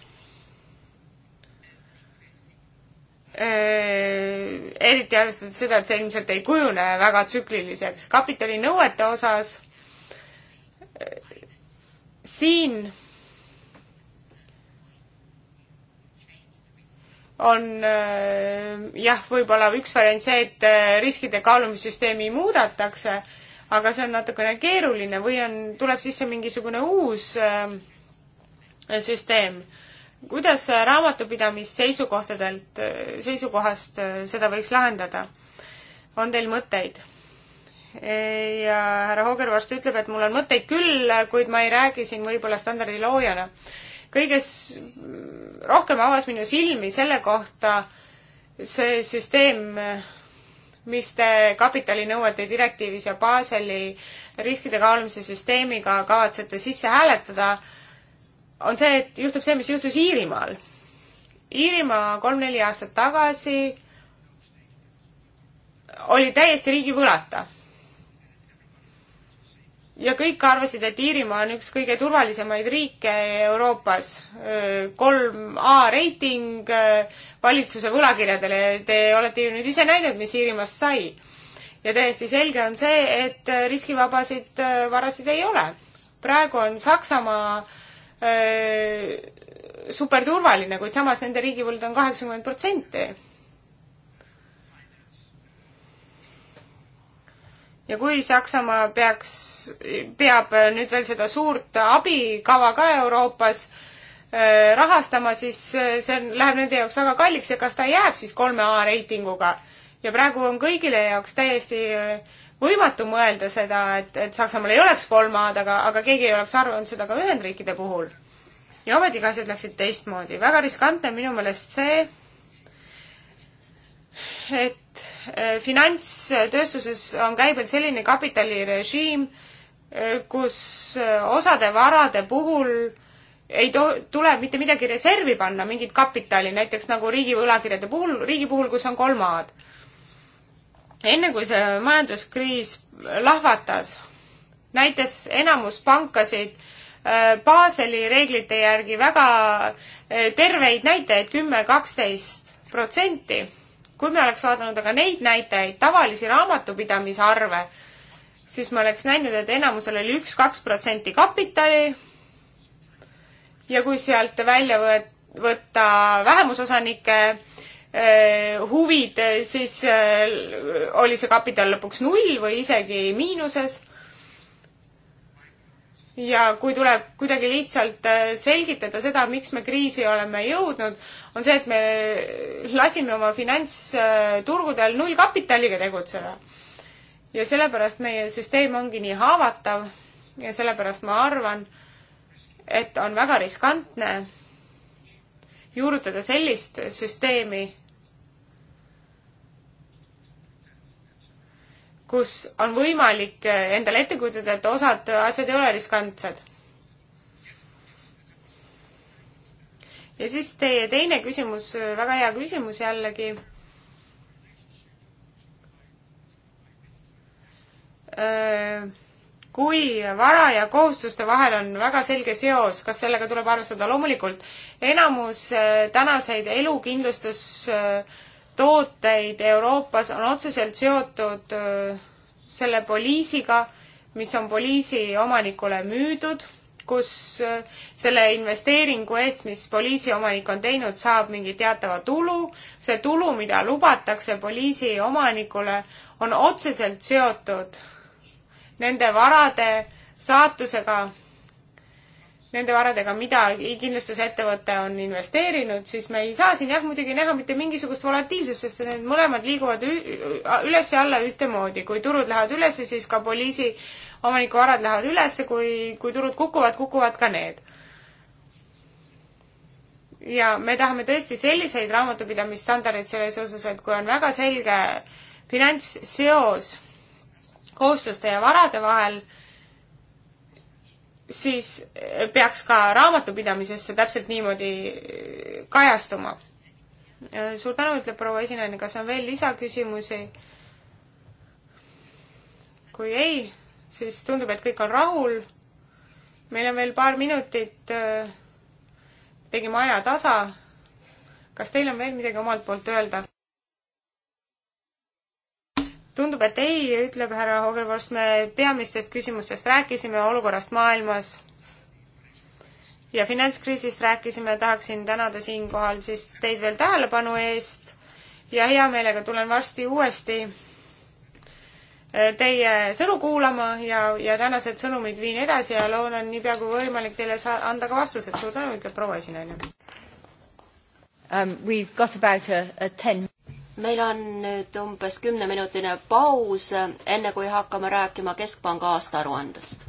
Äh, eriti arvestades seda, et see ilmselt ei kujune väga tsükliliseks. kapitalinõuete osas siin on äh, jah, võib-olla üks variant see, et äh, riskide kaalumissüsteemi muudetakse aga see on natukene keeruline või on, tuleb sisse mingisugune uus äh, süsteem. kuidas raamatupidamisseisukohtadelt, äh, seisukohast äh, seda võiks lahendada? on teil mõtteid? E, ja härra Hooger varsti ütleb, et mul on mõtteid küll, kuid ma ei räägi siin võib-olla standardi loojana. kõiges rohkem avas minu silmi selle kohta see süsteem, mis te kapitalinõuete direktiivis ja Baseli riskide kaalumise süsteemiga kavatsete sisse hääletada, on see, et juhtub see, mis juhtus Iirimaal. Iirimaa kolm-neli aastat tagasi oli täiesti riigi võlata ja kõik arvasid, et Iirimaa on üks kõige turvalisemaid riike Euroopas. kolm A reiting valitsuse võlakirjadele, te olete ju nüüd ise näinud, mis Iirimaast sai. ja täiesti selge on see, et riskivabasid varasid ei ole. praegu on Saksamaa superturvaline, kuid samas nende riigivõlg on kaheksakümmend protsenti ja kui Saksamaa peaks, peab nüüd veel seda suurt abikava ka Euroopas äh, rahastama, siis äh, see on, läheb nende jaoks väga kalliks ja kas ta jääb siis kolme A reitinguga? ja praegu on kõigile jaoks täiesti äh, võimatu mõelda seda, et, et Saksamaal ei oleks kolm A-d, aga, aga keegi ei oleks arvanud seda ka Ühendriikide puhul. ja ometigi asjad läksid teistmoodi. väga riskantne on minu meelest see, et Eh, finantstööstuses on käibel selline kapitalirežiim, eh, kus eh, osade varade puhul ei to-, tule mitte midagi reservi panna, mingit kapitali, näiteks nagu riigi võlakirjade puhul, riigi puhul, kus on kolm A-d. enne kui see majanduskriis lahvatas, näitas enamus pankasid Baseli reeglite järgi väga terveid näitajaid, kümme, kaksteist protsenti kui me oleks vaadanud aga neid näitajaid, tavalisi raamatupidamisarve, siis ma oleks näinud, et enamusel oli üks-kaks protsenti kapitali ja kui sealt välja võet-, võtta vähemusosanike eh, huvid, siis eh, oli see kapital lõpuks null või isegi miinuses ja kui tuleb kuidagi lihtsalt äh, selgitada seda, miks me kriisi oleme jõudnud, on see, et me lasime oma finantsturgudel nullkapitaliga tegutseda. ja sellepärast meie süsteem ongi nii haavatav ja sellepärast ma arvan, et on väga riskantne juurutada sellist süsteemi, kus on võimalik endale ette kujutada, et osad asjad ei ole riskantsed. ja siis teie teine küsimus, väga hea küsimus jällegi. Äh, kui vara ja kohustuste vahel on väga selge seos, kas sellega tuleb arvestada? loomulikult, enamus äh, tänaseid elukindlustus äh, tooteid Euroopas on otseselt seotud äh, selle poliisiga, mis on poliisi omanikule müüdud, kus äh, selle investeeringu eest, mis poliisi omanik on teinud, saab mingi teatava tulu. see tulu, mida lubatakse poliisi omanikule, on otseselt seotud nende varade saatusega nende varadega, mida kindlustusettevõte on investeerinud, siis me ei saa siin jah, muidugi näha mitte mingisugust volatiilsust, sest need mõlemad liiguvad üles ja alla ühtemoodi. kui turud lähevad üles, siis ka poliisi omaniku varad lähevad üles, kui, kui turud kukuvad, kukuvad ka need. ja me tahame tõesti selliseid raamatupidamisstandardeid selles osas, et kui on väga selge finantsseos kohustuste ja varade vahel, siis peaks ka raamatupidamisesse täpselt niimoodi kajastuma. suur tänu, ütleb proua esinaine, kas on veel lisaküsimusi? kui ei, siis tundub, et kõik on rahul. meil on veel paar minutit. tegime aja tasa. kas teil on veel midagi omalt poolt öelda? tundub, et ei, ütleb härra Hogervorst, me peamistest küsimustest rääkisime, olukorrast maailmas ja finantskriisist rääkisime, tahaksin tänada siinkohal siis teid veel tähelepanu eest ja hea meelega tulen varsti uuesti äh, teie sõnu kuulama ja, ja tänased sõnumid viin edasi ja loodan niipea kui võimalik teile saa-, anda ka vastused. suur tänu, ütleb proua esinaine um,. We've got about a, a ten meil on nüüd umbes kümneminutine paus, enne kui hakkame rääkima Keskpanga aastaaruandest.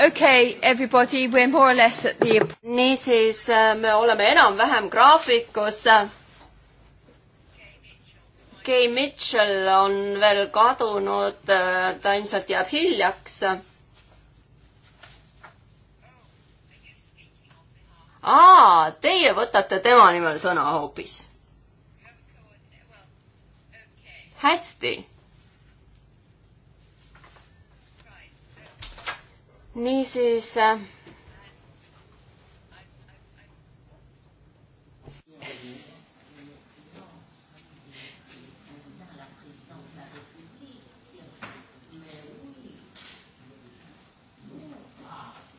okay, everybody, we are more or less at the. niisiis, äh, me oleme enam-vähem graafikus. Kay Mitchell on veel kadunud, äh, ta ilmselt jääb hiljaks. aa, teie võtate tema nimel sõna hoopis. hästi niisiis okei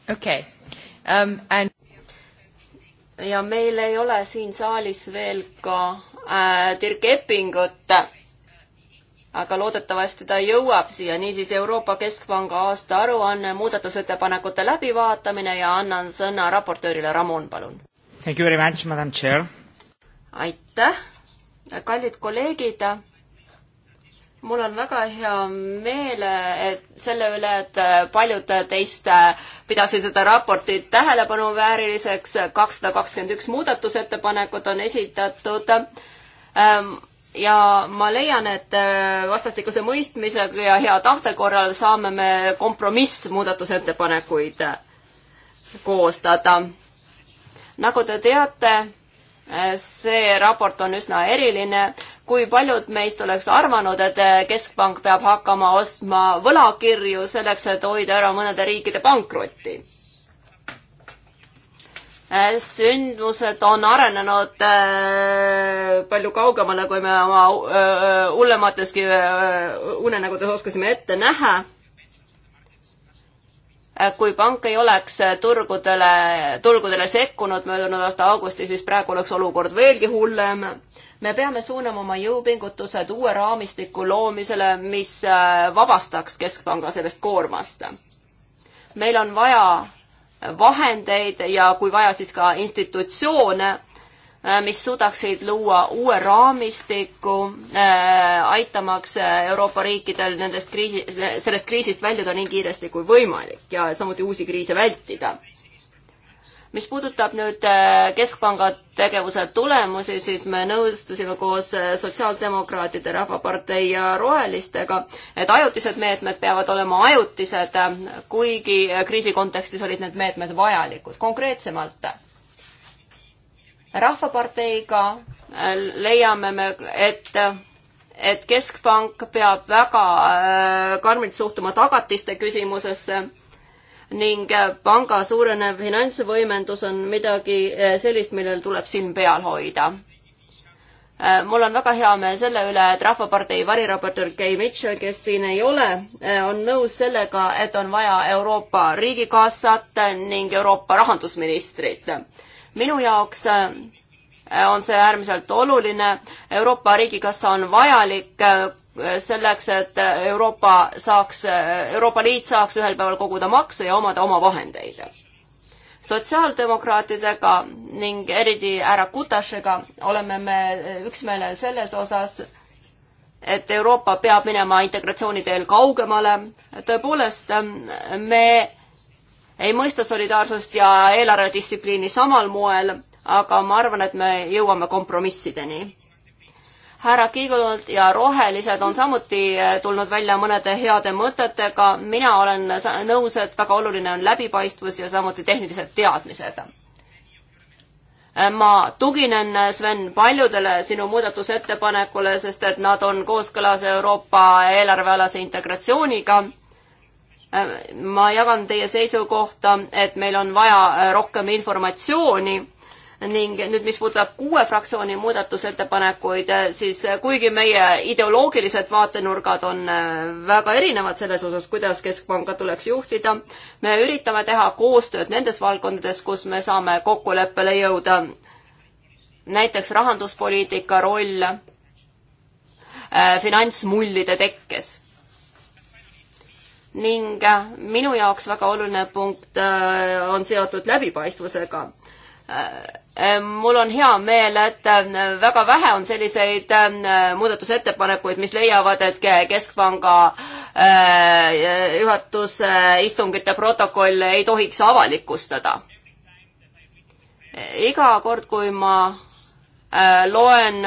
äh, okay. um,. And... ja meil ei ole siin saalis veel ka äh, Dirk Eppingut äh,, aga loodetavasti ta jõuab siia, niisiis Euroopa Keskpanga aastaaruanne, muudatusettepanekute läbivaatamine ja annan sõna raportöörile, Ramon, palun. Thank you very much, madam chair. aitäh, kallid kolleegid mul on väga hea meel et selle üle, et paljud teist pidasid seda raportit tähelepanuvääriliseks, kakssada kakskümmend üks muudatusettepanekut on esitatud. Ehm, ja ma leian, et äh, vastastikuse mõistmisega ja hea tahte korral saame me kompromissmuudatusettepanekuid äh, koostada. nagu te teate, äh, see raport on üsna eriline. kui paljud meist oleks arvanud, et Keskpank peab hakkama ostma võlakirju selleks, et hoida ära mõnede riikide pankrotti Äh, sündmused on arenenud äh, palju kaugemale, kui me oma hullemateski äh, unenägudes oskasime ette näha. kui pank ei oleks turgudele, turgudele sekkunud möödunud aasta augustis, siis praegu oleks olukord veelgi hullem. me peame suunama oma jõupingutused uue raamistiku loomisele, mis vabastaks Keskpanga sellest koormast. meil on vaja vahendeid ja kui vaja, siis ka institutsioone, äh, mis suudaksid luua uue raamistiku äh,, aitamaks Euroopa riikidel nendest kriisi, sellest kriisist väljuda nii kiiresti kui võimalik ja samuti uusi kriise vältida mis puudutab nüüd äh, Keskpanga tegevuse tulemusi, siis me nõustusime koos äh, Sotsiaaldemokraatide Rahvapartei ja Rohelistega, et ajutised meetmed peavad olema ajutised, kuigi äh, kriisi kontekstis olid need meetmed vajalikud. konkreetsemalt, Rahvaparteiga leiame me, et et Keskpank peab väga karmilt suhtuma tagatiste küsimusesse ning äh, panga suurenev finantsvõimendus on midagi äh, sellist, millel tuleb silm peal hoida. Äh, mul on väga hea meel selle üle, et Rahvapartei variraportöör Kay Mitchell, kes siin ei ole, on nõus sellega, et on vaja Euroopa Riigikassat ning Euroopa rahandusministrit. minu jaoks on see äärmiselt oluline. Euroopa Riigikassa on vajalik selleks, et Euroopa saaks, Euroopa Liit saaks ühel päeval koguda makse ja omada oma vahendeid. sotsiaaldemokraatidega ning eriti härra Kutašega oleme me üksmeelel selles osas, et Euroopa peab minema integratsiooni teel kaugemale. tõepoolest, me ei mõista solidaarsust ja eelarvedistsipliini samal moel, aga ma arvan, et me jõuame kompromissideni härra Kiigulalt ja Rohelised on samuti äh, tulnud välja mõnede heade mõtetega. mina olen nõus, et väga oluline on läbipaistvus ja samuti tehnilised teadmised. Äh, ma tuginen, äh, Sven, paljudele sinu muudatusettepanekule, sest et nad on kooskõlas Euroopa eelarvealase integratsiooniga. ma jagan teie seisukohta, et meil on vaja rohkem informatsiooni ning nüüd, mis puudutab kuue fraktsiooni muudatusettepanekuid, siis kuigi meie ideoloogilised vaatenurgad on äh, väga erinevad selles osas, kuidas Keskpanka tuleks juhtida, me üritame teha koostööd nendes valdkondades, kus me saame kokkuleppele jõuda. näiteks rahanduspoliitika roll äh, finantsmullide tekkes ning äh, minu jaoks väga oluline punkt äh, on seotud läbipaistvusega äh, Äh, mul on hea meel, et äh, väga vähe on selliseid äh, muudatusettepanekuid, mis leiavad, et Keskpanga juhatuse istungite protokolle ei tohiks avalikustada. iga kord, kui ma loen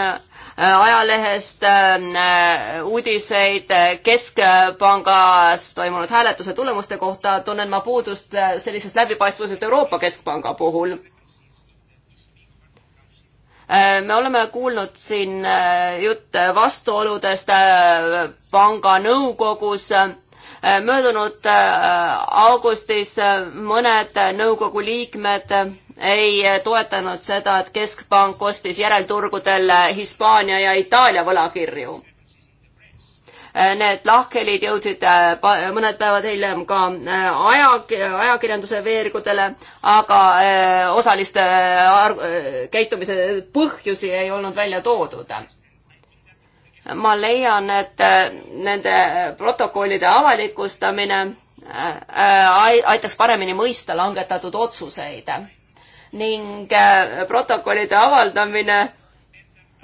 ajalehest uudiseid Keskpangas toimunud hääletuse tulemuste kohta, tunnen ma puudust sellisest läbipaistvusest Euroopa Keskpanga puhul Äh, me oleme kuulnud siin äh, jutte vastuoludest äh, panga nõukogus. möödunud augustis mõned nõukogu liikmed ei toetanud seda, et keskpank ostis järelturgudel Hispaania ja Itaalia võlakirju Äh, need lahkhelid jõudsid äh, mõned päevad hiljem ka äh, aja, ajakirjanduse veergudele, aga osaliste käitumise põhjusi ei olnud välja toodud ma leian, et nende protokollide avalikustamine aitaks paremini mõista langetatud otsuseid ning protokollide avaldamine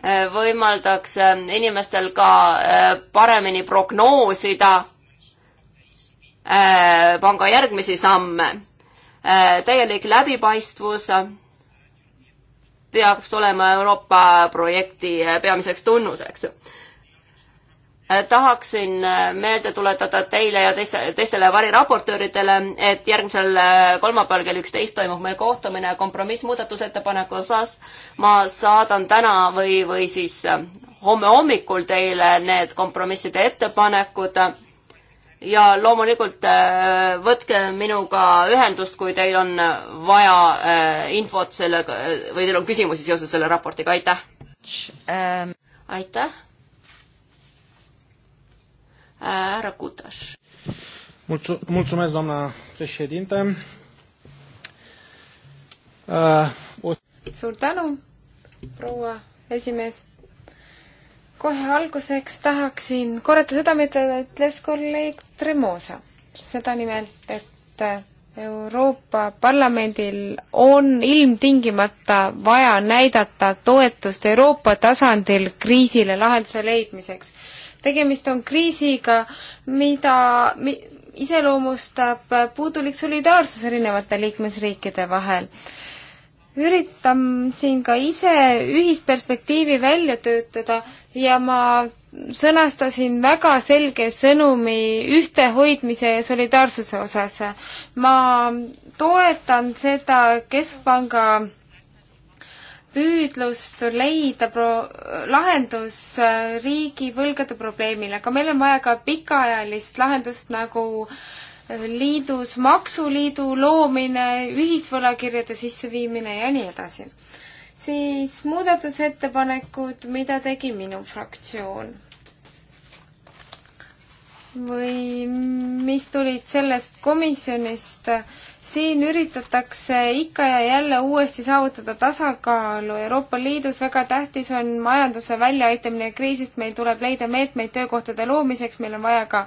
Äh, võimaldaks äh, inimestel ka äh, paremini prognoosida panga järgmisi samme. täielik läbipaistvus peaks olema Euroopa projekti peamiseks tunnuseks Äh, tahaksin äh, meelde tuletada teile ja teiste, teistele variraportööridele, et järgmisel äh, kolmapäeval kell üksteist toimub meil kohtumine kompromissmuudatusettepaneku osas. ma saadan täna või, või siis homme hommikul teile need kompromisside ettepanekud ja loomulikult võtke minuga ühendust, kui teil on vaja infot selle või teil on küsimusi seoses selle raportiga, aitäh! Ähm. aitäh! härra Kutas. mulțumesc, doamna președinte. suur tänu, proua esimees. kohe alguseks tahaksin korrata seda, mida ütles kolleeg Tremosa. seda nimelt, et Euroopa Parlamendil on ilmtingimata vaja näidata toetust Euroopa tasandil kriisile lahenduse leidmiseks tegemist on kriisiga, mida mi, iseloomustab puudulik solidaarsus erinevate liikmesriikide vahel. üritan siin ka ise ühist perspektiivi välja töötada ja ma sõnastasin väga selge sõnumi ühtehoidmise ja solidaarsuse osas. ma toetan seda Keskpanga püüdlust leida pro-, lahendus äh, riigi võlgade probleemile, aga meil on vaja ka pikaajalist lahendust nagu äh, liidus maksuliidu loomine, ühisvõlakirjade sisseviimine ja nii edasi. siis muudatusettepanekud, mida tegi minu fraktsioon. või mis tulid sellest komisjonist, siin üritatakse ikka ja jälle uuesti saavutada tasakaalu Euroopa Liidus, väga tähtis on majanduse väljaaitamine kriisist, meil tuleb leida meetmeid töökohtade loomiseks, meil on vaja ka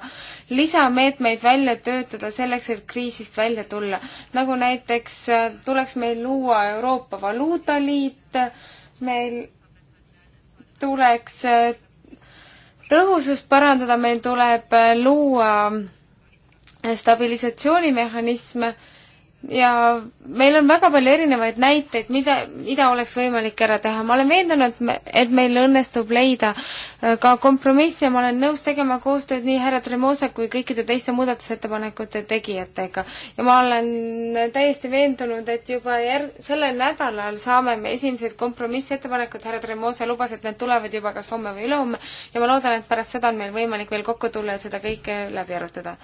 lisameetmeid välja töötada selleks, et kriisist välja tulla. nagu näiteks äh, tuleks meil luua Euroopa Valuutaliit, meil tuleks äh, tõhusust parandada, meil tuleb äh, luua stabilisatsioonimehhanisme ja meil on väga palju erinevaid näiteid, mida, mida oleks võimalik ära teha. ma olen veendunud, et meil õnnestub leida äh, ka kompromiss ja ma olen nõus tegema koostööd nii härra Tremosa kui kõikide teiste muudatusettepanekute tegijatega. ja ma olen täiesti veendunud, et juba järg-, sellel nädalal saame me esimesed kompromissettepanekud, härra Tremosa lubas, et need tulevad juba kas homme või ülehomme ja ma loodan, et pärast seda on meil võimalik veel kokku tulla ja seda kõike läbi arutada.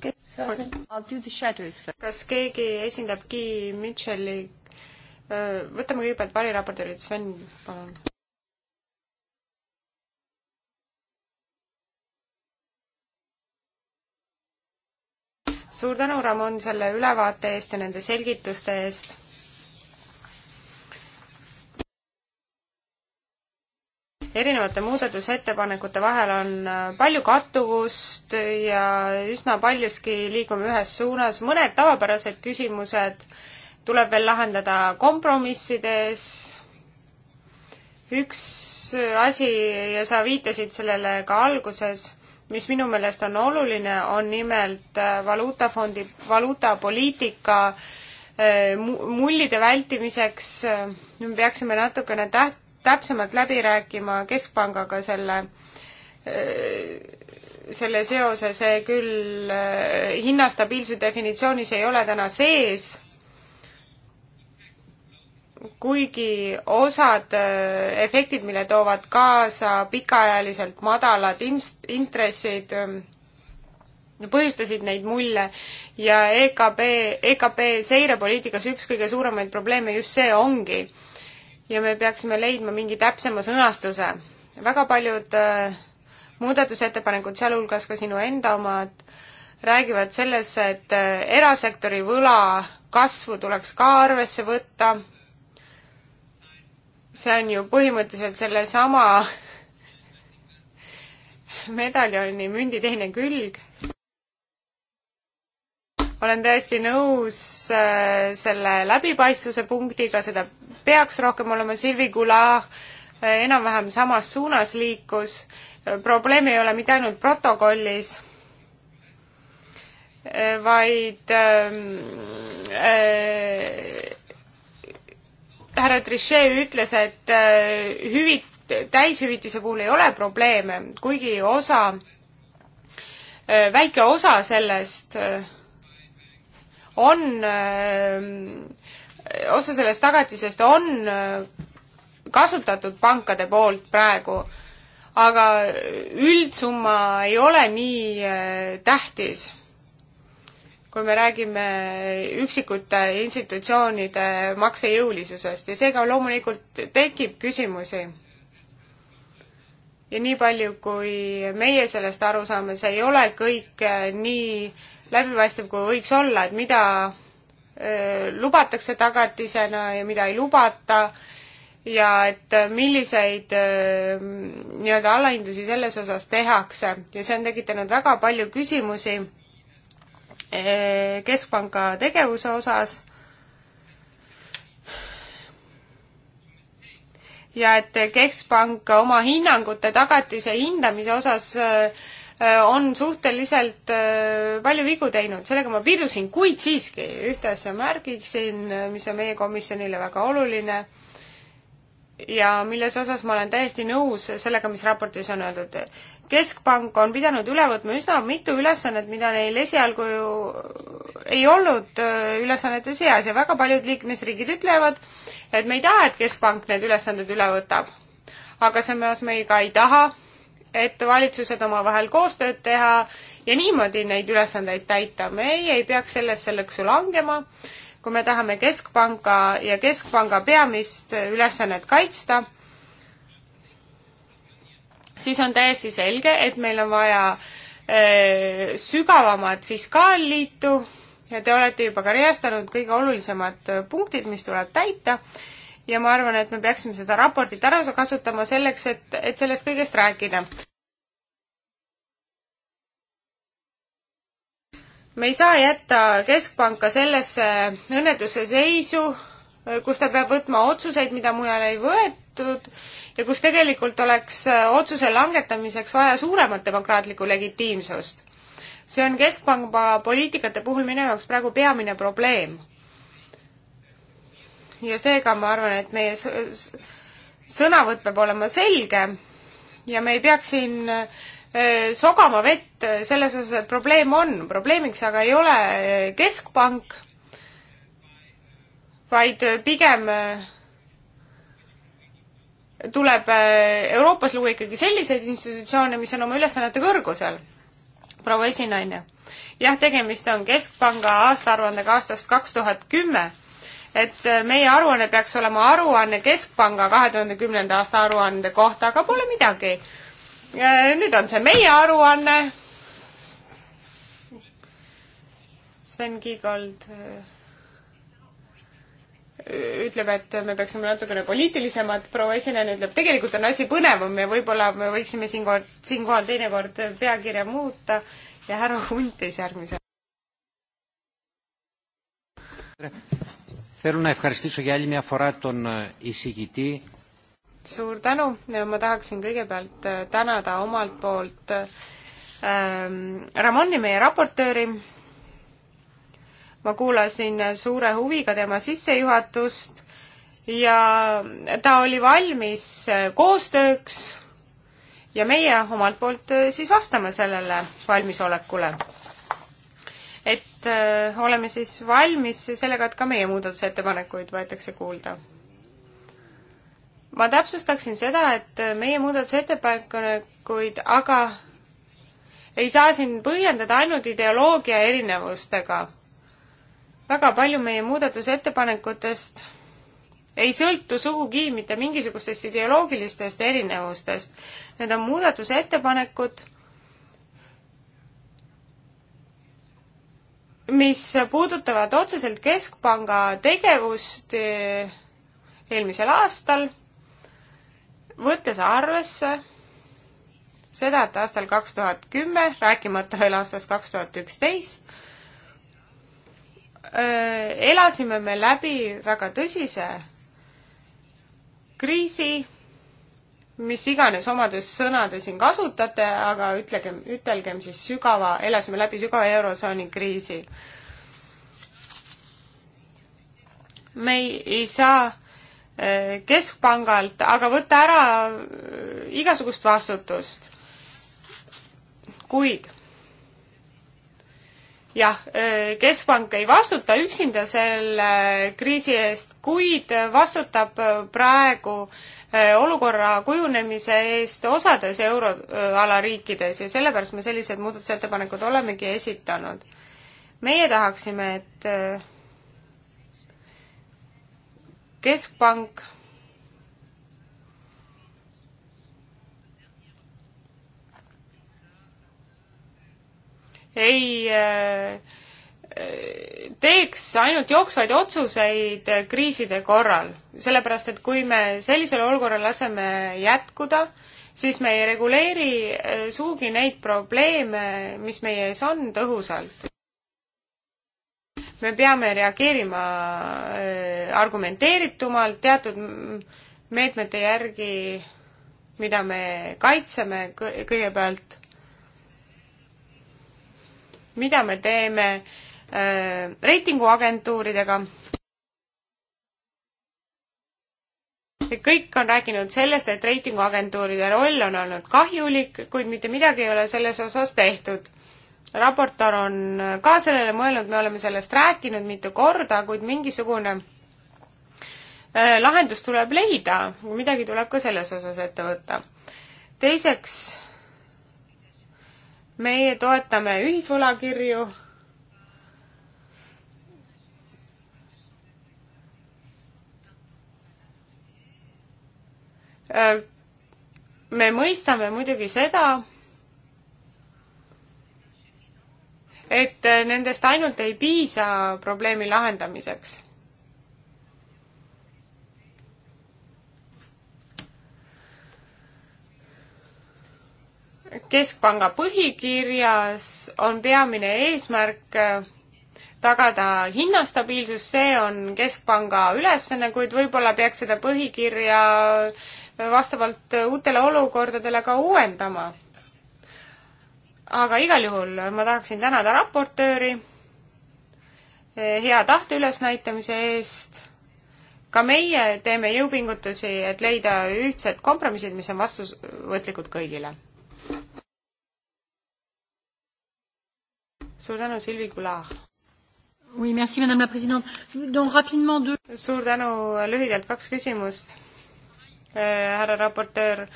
kes? kas keegi esindab Guy Mitchell'i? võtame kõigepealt variraportöörid, Sven, palun. suur tänu, Ramon, selle ülevaate eest ja nende selgituste eest erinevate muudatusettepanekute vahel on äh, palju kattuvust ja üsna paljuski liigume ühes suunas, mõned tavapärased küsimused tuleb veel lahendada kompromissides, üks asi ja sa viitasid sellele ka alguses, mis minu meelest on oluline, on nimelt äh, valuutafondi, valuutapoliitika äh, mullide vältimiseks me peaksime natukene täht-, täpsemalt läbi rääkima Keskpangaga selle, äh, selle seose, see küll äh, hinnastabiilsuse definitsioonis ei ole täna sees, kuigi osad äh, efektid, mille toovad kaasa pikaajaliselt madalad inst-, intressid, ähm, põhjustasid neid mulje ja EKP, EKP seirepoliitikas üks kõige suuremaid probleeme just see ongi ja me peaksime leidma mingi täpsema sõnastuse. väga paljud äh, muudatusettepanekud, sealhulgas ka sinu enda omad, räägivad selles, et äh, erasektori võla kasvu tuleks ka arvesse võtta. see on ju põhimõtteliselt sellesama medaljoni münditeine külg olen täiesti nõus äh, selle läbipaistvuse punktiga, seda peaks rohkem olema, Silvi Goulart äh, enam-vähem samas suunas liikus, äh, probleem ei ole mitte ainult protokollis, vaid ähm, härra äh, Trichet ütles, et äh, hüvit-, täishüvitise puhul ei ole probleeme, kuigi osa äh,, väike osa sellest äh, on, osa sellest tagatisest on kasutatud pankade poolt praegu, aga üldsumma ei ole nii tähtis. kui me räägime üksikute institutsioonide maksejõulisusest ja seega loomulikult tekib küsimusi ja nii palju, kui meie sellest aru saame, see ei ole kõik nii äh, läbipaistev, kui võiks olla, et mida lubatakse tagatisena ja mida ei lubata ja et milliseid nii-öelda allahindlusi selles osas tehakse ja see on tekitanud väga palju küsimusi Keskpanga tegevuse osas. ja et Keskpank oma hinnangute tagatise hindamise osas äh, Äh, on suhteliselt äh, palju vigu teinud, sellega ma piirdusin, kuid siiski ühte asja märgiksin, äh, mis on meie komisjonile väga oluline ja milles osas ma olen täiesti nõus sellega, mis raportis on öeldud. keskpank on pidanud üle võtma üsna mitu ülesannet, mida neil esialgu ju ei olnud ülesannete seas ja väga paljud liikmesriigid ütlevad, et me ei taha, et keskpank need ülesanded üle võtab. aga samas me ka ei taha et valitsused omavahel koostööd teha ja niimoodi neid ülesandeid täita. meie ei peaks sellesse lõksu langema, kui me tahame Keskpanka ja Keskpanga peamist ülesannet kaitsta, siis on täiesti selge, et meil on vaja öö, äh, sügavamat fiskaalliitu ja te olete juba ka reastanud kõige olulisemad punktid, mis tuleb täita ja ma arvan, et me peaksime seda raportit ära kasutama selleks, et, et sellest kõigest rääkida. me ei saa jätta keskpanka sellesse õnnetuse seisu, kus ta peab võtma otsuseid, mida mujal ei võetud ja kus tegelikult oleks otsuse langetamiseks vaja suuremat demokraatlikku legitiimsust. see on keskpanga poliitikate puhul minu jaoks praegu peamine probleem. ja seega ma arvan, et meie sõnavõtt peab olema selge ja me ei peaks siin äh, Äh, sogama vett äh, selles osas, et probleem on. probleemiks aga ei ole äh, keskpank, vaid pigem tuleb Euroopas luua ikkagi selliseid institutsioone, mis on oma ülesannete kõrgusel. proua esinaine, jah, tegemist on Keskpanga aastaaruandega aastast kaks tuhat kümme, et meie aruanne peaks olema aruanne Keskpanga kahe tuhande kümnenda aasta aruande kohta, aga pole midagi Äh, nüüd on see meie aruanne. Sven Kiigold äh, ütleb, et me peaksime natukene poliitilisemad, proua esinejana ütleb, tegelikult on asi põnevam ja võib-olla me võiksime siinkord, siinkohal teinekord pealkirja muuta ja härra Huntis järgmise. Θέλω να ευχαριστήσω για άλλη μια φορά τον εισηγητή suur tänu ja ma tahaksin kõigepealt äh, tänada omalt poolt ähm, Ramoni, meie raportööri. ma kuulasin äh, suure huviga tema sissejuhatust ja ta oli valmis äh, koostööks ja meie omalt poolt siis vastame sellele valmisolekule. et öö, oleme siis valmis sellega, et ka meie muudatusettepanekuid võetakse kuulda ma täpsustaksin seda, et meie muudatusettepanekuid aga ei saa siin põhjendada ainult ideoloogia erinevustega. väga palju meie muudatusettepanekutest ei sõltu sugugi mitte mingisugustest ideoloogilistest erinevustest. Need on muudatusettepanekud, mis puudutavad otseselt Keskpanga tegevust eh, eelmisel aastal võttes arvesse seda, et aastal kaks tuhat kümme, rääkimata veel aastast kaks tuhat üksteist, elasime me läbi väga tõsise kriisi, mis iganes omadussõna te siin kasutate, aga ütlegem, ütelgem siis sügava, elasime läbi sügava eurotsooni kriisi. me ei, ei saa keskpangalt, aga võtta ära äh, igasugust vastutust. kuid jah, äh, keskpank ei vastuta üksinda selle äh, kriisi eest, kuid vastutab praegu olukorra kujunemise eest osades euroala riikides ja sellepärast me sellised muudatusettepanekud olemegi esitanud. meie tahaksime, et keskpank ei äh, äh, teeks ainult jooksvaid otsuseid kriiside korral, sellepärast et kui me sellisel olukorral laseme jätkuda, siis me ei reguleeri äh, sugugi neid probleeme, mis meie ees on, tõhusalt me peame reageerima äh, argumenteeritumalt teatud meetmete järgi, mida me kaitseme kõigepealt, mida me teeme äh, reitinguagentuuridega. kõik on rääkinud sellest, et reitinguagentuuride roll on olnud kahjulik, kuid mitte midagi ei ole selles osas tehtud raportor on ka sellele mõelnud, me oleme sellest rääkinud mitu korda, kuid mingisugune äh, lahendus tuleb leida, midagi tuleb ka selles osas ette võtta. teiseks, meie toetame ühisvõlakirju. Äh, me mõistame muidugi seda, et nendest ainult ei piisa probleemi lahendamiseks. keskpanga põhikirjas on peamine eesmärk tagada hinnastabiilsus, see on keskpanga ülesanne, kuid võib-olla peaks seda põhikirja vastavalt uutele olukordadele ka uuendama aga igal juhul ma tahaksin tänada raportööri eh, hea tahte ülesnäitamise eest. ka meie teeme jõupingutusi, et leida ühtsed kompromissid, mis on vastuvõtlikud kõigile. suur tänu, Silvi Kulah! Oui, merci Madame la Présidente. Donc rapidement deux. Suur tänu, lühidalt kaks küsimust, eh, härra raportöör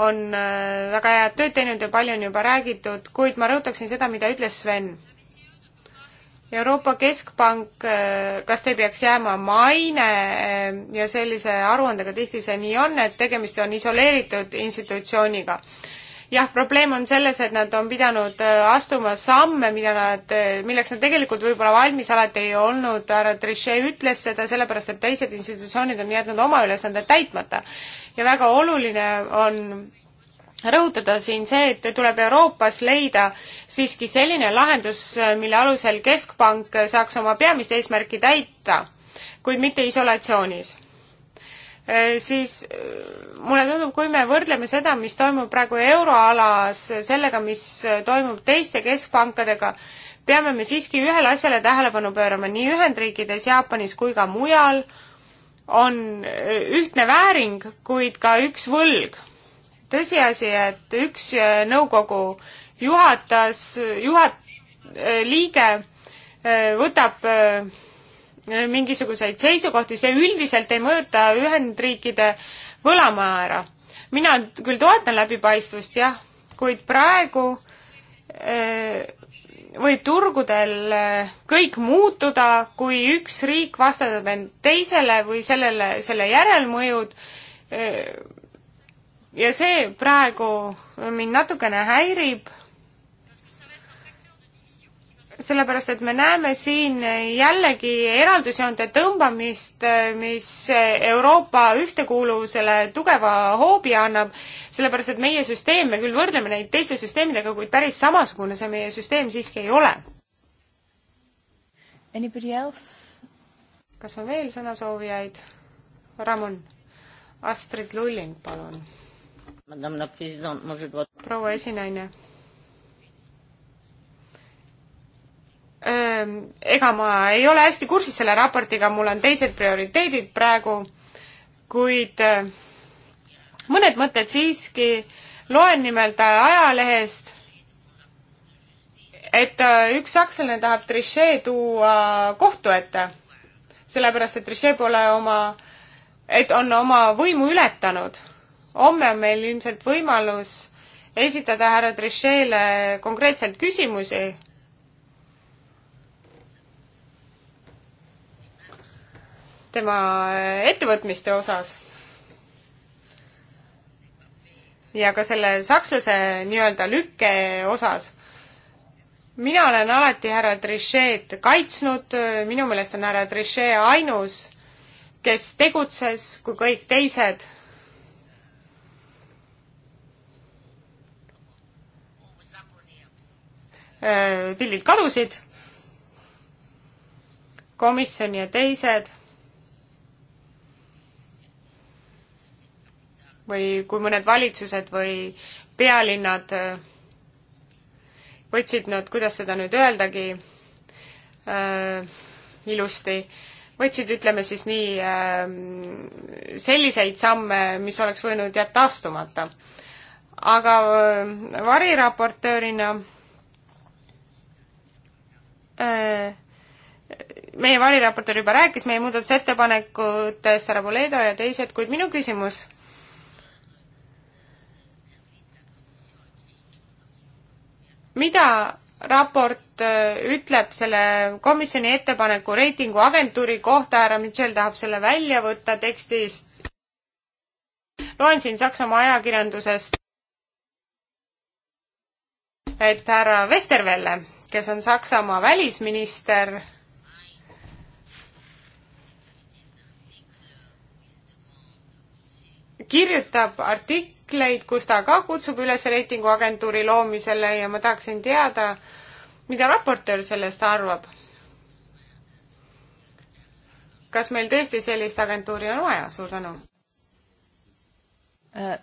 on äh, väga head tööd teinud ja palju on juba räägitud, kuid ma rõhutaksin seda, mida ütles Sven. Euroopa Keskpank, äh, kas te ei peaks jääma maine äh, ja sellise aruandega tihti see nii on, et tegemist on isoleeritud institutsiooniga jah, probleem on selles, et nad on pidanud äh, astuma samme, mida nad, äh, milleks nad tegelikult võib-olla valmis alati ei olnud, härra Trichet ütles seda sellepärast, et teised institutsioonid on jätnud oma ülesanded täitmata. ja väga oluline on rõhutada siin see, et tuleb Euroopas leida siiski selline lahendus, mille alusel Keskpank saaks oma peamist eesmärki täita, kuid mitte isolatsioonis Äh, siis äh, mulle tundub, kui me võrdleme seda, mis toimub praegu euroalas sellega, mis äh, toimub teiste keskpankadega, peame me siiski ühele asjale tähelepanu pöörama nii Ühendriikides, Jaapanis kui ka mujal on ühtne vääring, kuid ka üks võlg. tõsiasi, et üks nõukogu juhatas, juhat-, liige võtab mingisuguseid seisukohti, see üldiselt ei mõjuta Ühendriikide võlamäära. mina küll toetan läbipaistvust, jah, kuid praegu öö, eh, võib turgudel eh, kõik muutuda, kui üks riik vastandab end teisele või sellele, selle järelmõjud. Eh, ja see praegu mind natukene häirib sellepärast et me näeme siin jällegi eraldusjoonte tõmbamist, mis Euroopa ühtekuuluvusele tugeva hoobi annab, sellepärast et meie süsteem, me küll võrdleme neid teiste süsteemidega, kuid päris samasugune see meie süsteem siiski ei ole. kas on veel sõnasoovijaid? Ramon, Astrid Lulling, palun. proua esinaine Ehm, ega ma ei ole hästi kursis selle raportiga, mul on teised prioriteedid praegu, kuid eh, mõned mõtted siiski loen nimelt ajalehest, et eh, üks sakslane tahab Trichet tuua kohtu ette, sellepärast et Trichet pole oma, et on oma võimu ületanud. homme on meil ilmselt võimalus esitada härra Trichele konkreetselt küsimusi tema ettevõtmiste osas. ja ka selle sakslase nii-öelda lükke osas. mina olen alati härra Trichet kaitsnud, minu meelest on härra Trichet ainus, kes tegutses, kui kõik teised äh, pildilt kadusid, komisjon ja teised või kui mõned valitsused või pealinnad äh, võtsid nad, kuidas seda nüüd öeldagi äh,, ilusti, võtsid, ütleme siis nii äh,, selliseid samme, mis oleks võinud jätta astumata. aga äh, variraportöörina äh, meie variraportöör juba rääkis meie muudatusettepanekutest, härra Poledo ja teised, kuid minu küsimus mida raport äh, ütleb selle komisjoni ettepaneku reitinguagentuuri kohta, härra Mitchell tahab selle välja võtta tekstist. loen siin Saksamaa ajakirjandusest, et härra Westerwelle, kes on Saksamaa välisminister, kirjutab artik-, artikleid, kus ta ka kutsub üles reitinguagentuuri loomisele ja ma tahaksin teada, mida raportöör sellest arvab. kas meil tõesti sellist agentuuri on vaja, suur tänu uh,.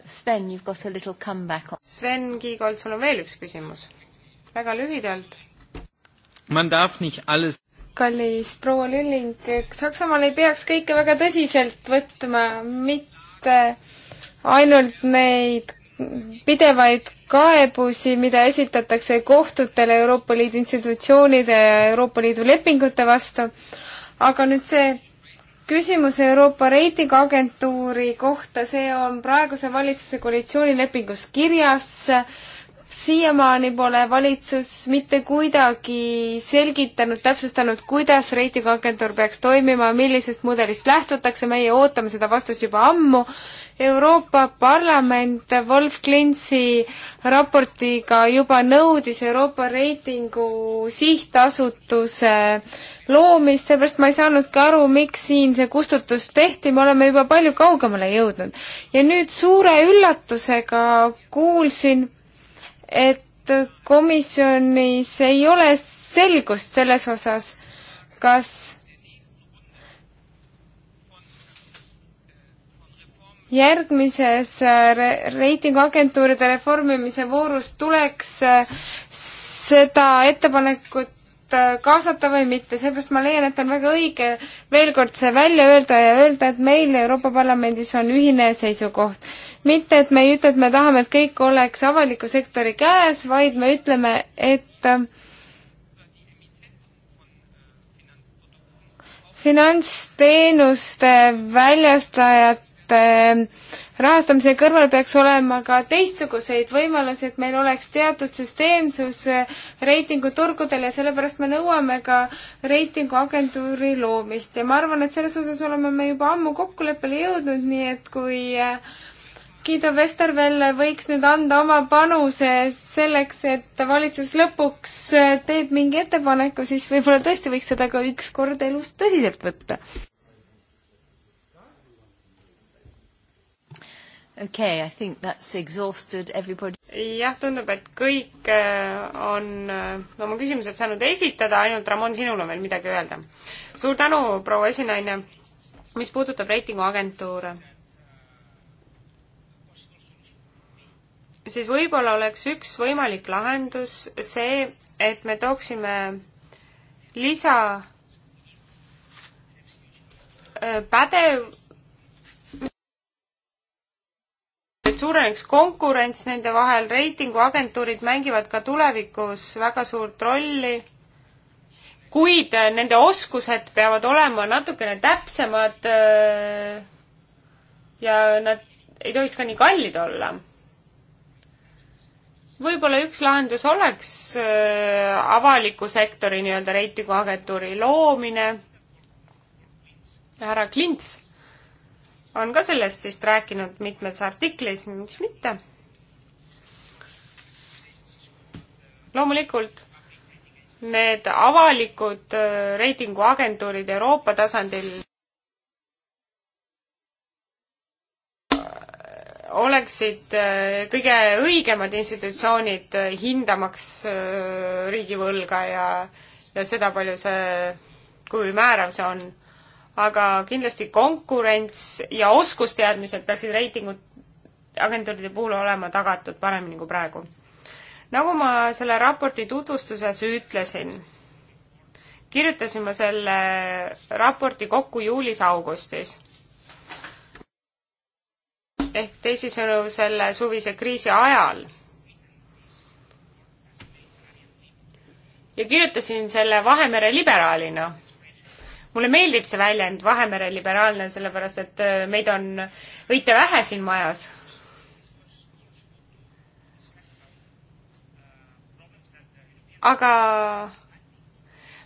Sven, you've got a little comeback. Sven Kiigold, sul on veel üks küsimus. väga lühidalt. Man darf nicht alles kallis proua Lülling, Saksamaal ei peaks kõike väga tõsiselt võtma, mitte ainult neid pidevaid kaebusi, mida esitatakse kohtutele Euroopa Liidu institutsioonide ja Euroopa Liidu lepingute vastu. aga nüüd see küsimus Euroopa reitinguagentuuri kohta, see on praeguse valitsuse koalitsioonilepingus kirjas siiamaani pole valitsus mitte kuidagi selgitanud, täpsustanud, kuidas reitinguagentuur peaks toimima, millisest mudelist lähtutakse, meie ootame seda vastust juba ammu. Euroopa Parlament Wolf Klintsi raportiga juba nõudis Euroopa reitingu sihtasutuse loomist, seepärast ma ei saanudki aru, miks siin see kustutus tehti, me oleme juba palju kaugemale jõudnud. ja nüüd suure üllatusega kuulsin et komisjonis ei ole selgust selles osas, kas järgmises äh, reitinguagentuuride reformimise voorus tuleks äh, seda ettepanekut Äh, kaasata või mitte, seepärast ma leian, et on väga õige veel kord see välja öelda ja öelda, et meil Euroopa Parlamendis on ühine seisukoht. mitte, et me ei ütle, et me tahame, et kõik oleks avaliku sektori käes, vaid me ütleme, et äh, finantsteenuste väljastajad uuringute rahastamise kõrval peaks olema ka teistsuguseid võimalusi, et meil oleks teatud süsteemsus reitinguturgudel ja sellepärast me nõuame ka reitinguagentuuri loomist ja ma arvan, et selles osas oleme me juba ammu kokkuleppele jõudnud, nii et kui eh, Guido Vestervelle võiks nüüd anda oma panuse selleks, et valitsus lõpuks eh, teeb mingi ettepaneku, siis võib-olla tõesti võiks seda ka ükskord elus tõsiselt võtta okay, I think that's exhausted everybody. jah, tundub, et kõik äh, on no, äh, oma küsimused saanud esitada, ainult Ramon, sinul on veel midagi öelda. suur tänu, proua esinaine. mis puudutab reitinguagentuure, siis võib-olla oleks üks võimalik lahendus see, et me tooksime lisa äh, pädev suureneks konkurents nende vahel, reitinguagentuurid mängivad ka tulevikus väga suurt rolli, kuid äh, nende oskused peavad olema natukene täpsemad äh, ja nad ei tohiks ka nii kallid olla. võib-olla üks lahendus oleks äh, avaliku sektori nii-öelda reitinguagentuuri loomine, härra Klints on ka sellest vist rääkinud mitmes artiklis, miks mitte. loomulikult need avalikud äh, reitinguagentuurid Euroopa tasandil äh, oleksid äh, kõige õigemad institutsioonid hindamaks riigivõlga ja, ja seda, palju see, kui määrav see on aga kindlasti konkurents ja oskusteadmised peaksid reitingud agentuuride puhul olema tagatud paremini kui praegu. nagu ma selle raporti tutvustuses ütlesin, kirjutasin ma selle raporti kokku juulis-augustis. ehk teisisõnu, selle suvise kriisi ajal. ja kirjutasin selle Vahemere liberaalina mulle meeldib see väljend Vahemere liberaalne, sellepärast et äh, meid on õite vähe siin majas. aga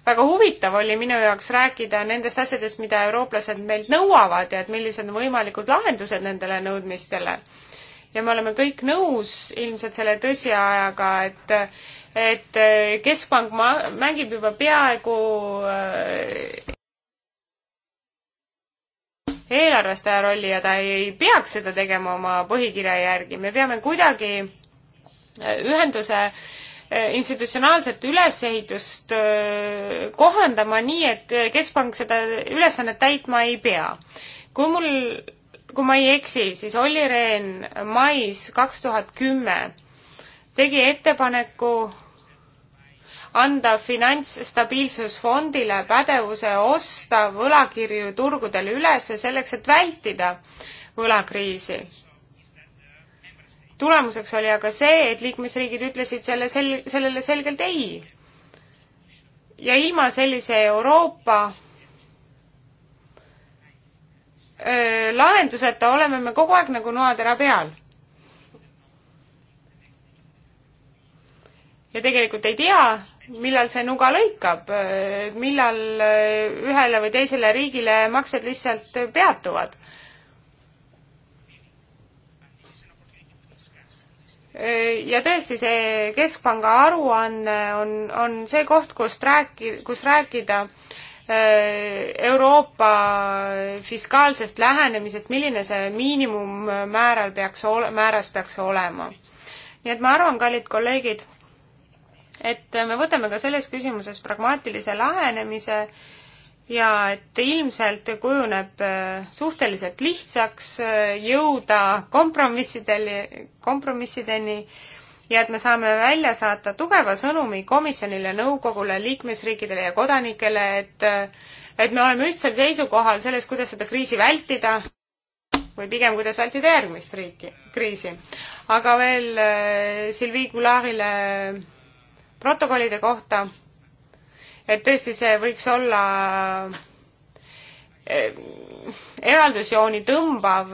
väga huvitav oli minu jaoks rääkida nendest asjadest, mida eurooplased meilt nõuavad ja et millised on võimalikud lahendused nendele nõudmistele. ja me oleme kõik nõus ilmselt selle tõsiajaga, et et äh, keskpank ma-, mängib juba peaaegu äh, eelarvestaja rolli ja ta ei peaks seda tegema oma põhikirja järgi. me peame kuidagi äh, ühenduse äh, institutsionaalset ülesehitust äh, kohandama nii, et keskpank seda ülesannet täitma ei pea. kui mul, kui ma ei eksi, siis Olli Rehn mais kaks tuhat kümme tegi ettepaneku anda Finantsstabiilsusfondile pädevuse osta võlakirju turgudel üles selleks, et vältida võlakriisi. tulemuseks oli aga see, et liikmesriigid ütlesid selle sel-, sellele selgelt ei. ja ilma sellise Euroopa öö, lahenduseta oleme me kogu aeg nagu noatera peal ja tegelikult ei tea, millal see nuga lõikab, millal ühele või teisele riigile maksed lihtsalt peatuvad. ja tõesti, see Keskpanga aruanne on, on see koht, kust rääki-, kus rääkida äh, Euroopa fiskaalsest lähenemisest, milline see miinimummääral peaks ole-, määras peaks olema. nii et ma arvan, kallid kolleegid, et me võtame ka selles küsimuses pragmaatilise lähenemise ja et ilmselt kujuneb äh, suhteliselt lihtsaks äh, jõuda kompromissideni, kompromissideni ja et me saame välja saata tugeva sõnumi komisjonile, nõukogule, liikmesriikidele ja kodanikele, et äh, et me oleme ühtsel seisukohal selles, kuidas seda kriisi vältida või pigem, kuidas vältida järgmist riiki, kriisi. aga veel Sylvie Goulardile protokollide kohta, et tõesti see võiks olla eh, eraldusjooni tõmbav,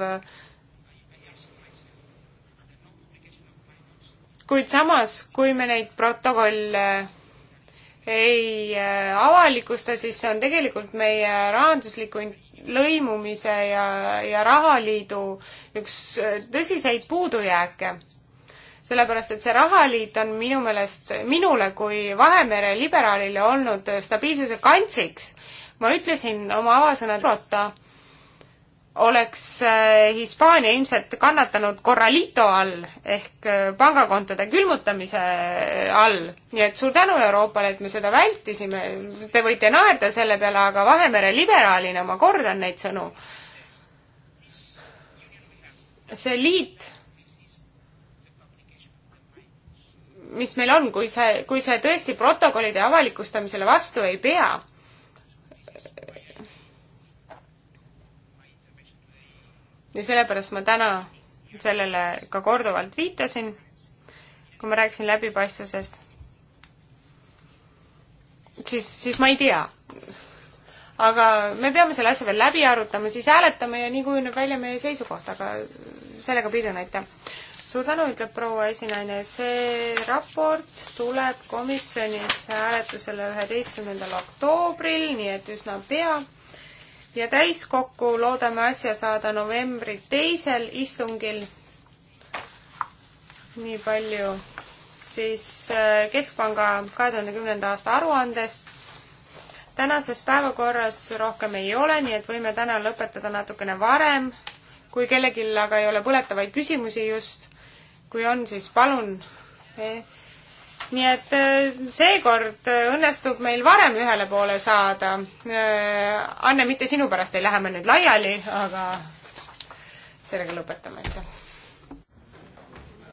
kuid samas, kui me neid protokolle ei eh, avalikusta, siis see on tegelikult meie rahandusliku lõimumise ja, ja rahaliidu üks eh, tõsiseid puudujääke sellepärast, et see rahaliit on minu meelest minule kui Vahemere liberaalile olnud stabiilsuse kantsiks. ma ütlesin oma avasõna Eurota oleks äh, Hispaania ilmselt kannatanud Corralito all ehk äh, pangakontode külmutamise äh, all. nii et suur tänu Euroopale, et me seda vältisime. Te võite naerda selle peale, aga Vahemere liberaalina ma kordan neid sõnu. see liit mis meil on, kui see, kui see tõesti protokollide avalikustamisele vastu ei pea, ja sellepärast ma täna sellele ka korduvalt viitasin, kui ma rääkisin läbipaistvusest, siis, siis ma ei tea. aga me peame selle asja veel läbi arutama, siis hääletame ja nii kujuneb välja meie seisukoht, aga sellega piirdun, aitäh! suur tänu, ütleb proua esinaine. see raport tuleb komisjonis hääletusele üheteistkümnendal oktoobril, nii et üsna pea. ja täiskokku loodame asja saada novembri teisel istungil. nii palju siis äh, Keskpanga kahe tuhande kümnenda aasta aruandest. tänases päevakorras rohkem ei ole, nii et võime täna lõpetada natukene varem, kui kellelgi aga ei ole põletavaid küsimusi just, kui on, siis palun. Eh, nii et eh, seekord eh, õnnestub meil varem ühele poole saada. Anne, mitte sinu pärast ei lähe me nüüd laiali, aga sellega lõpetame, aitäh.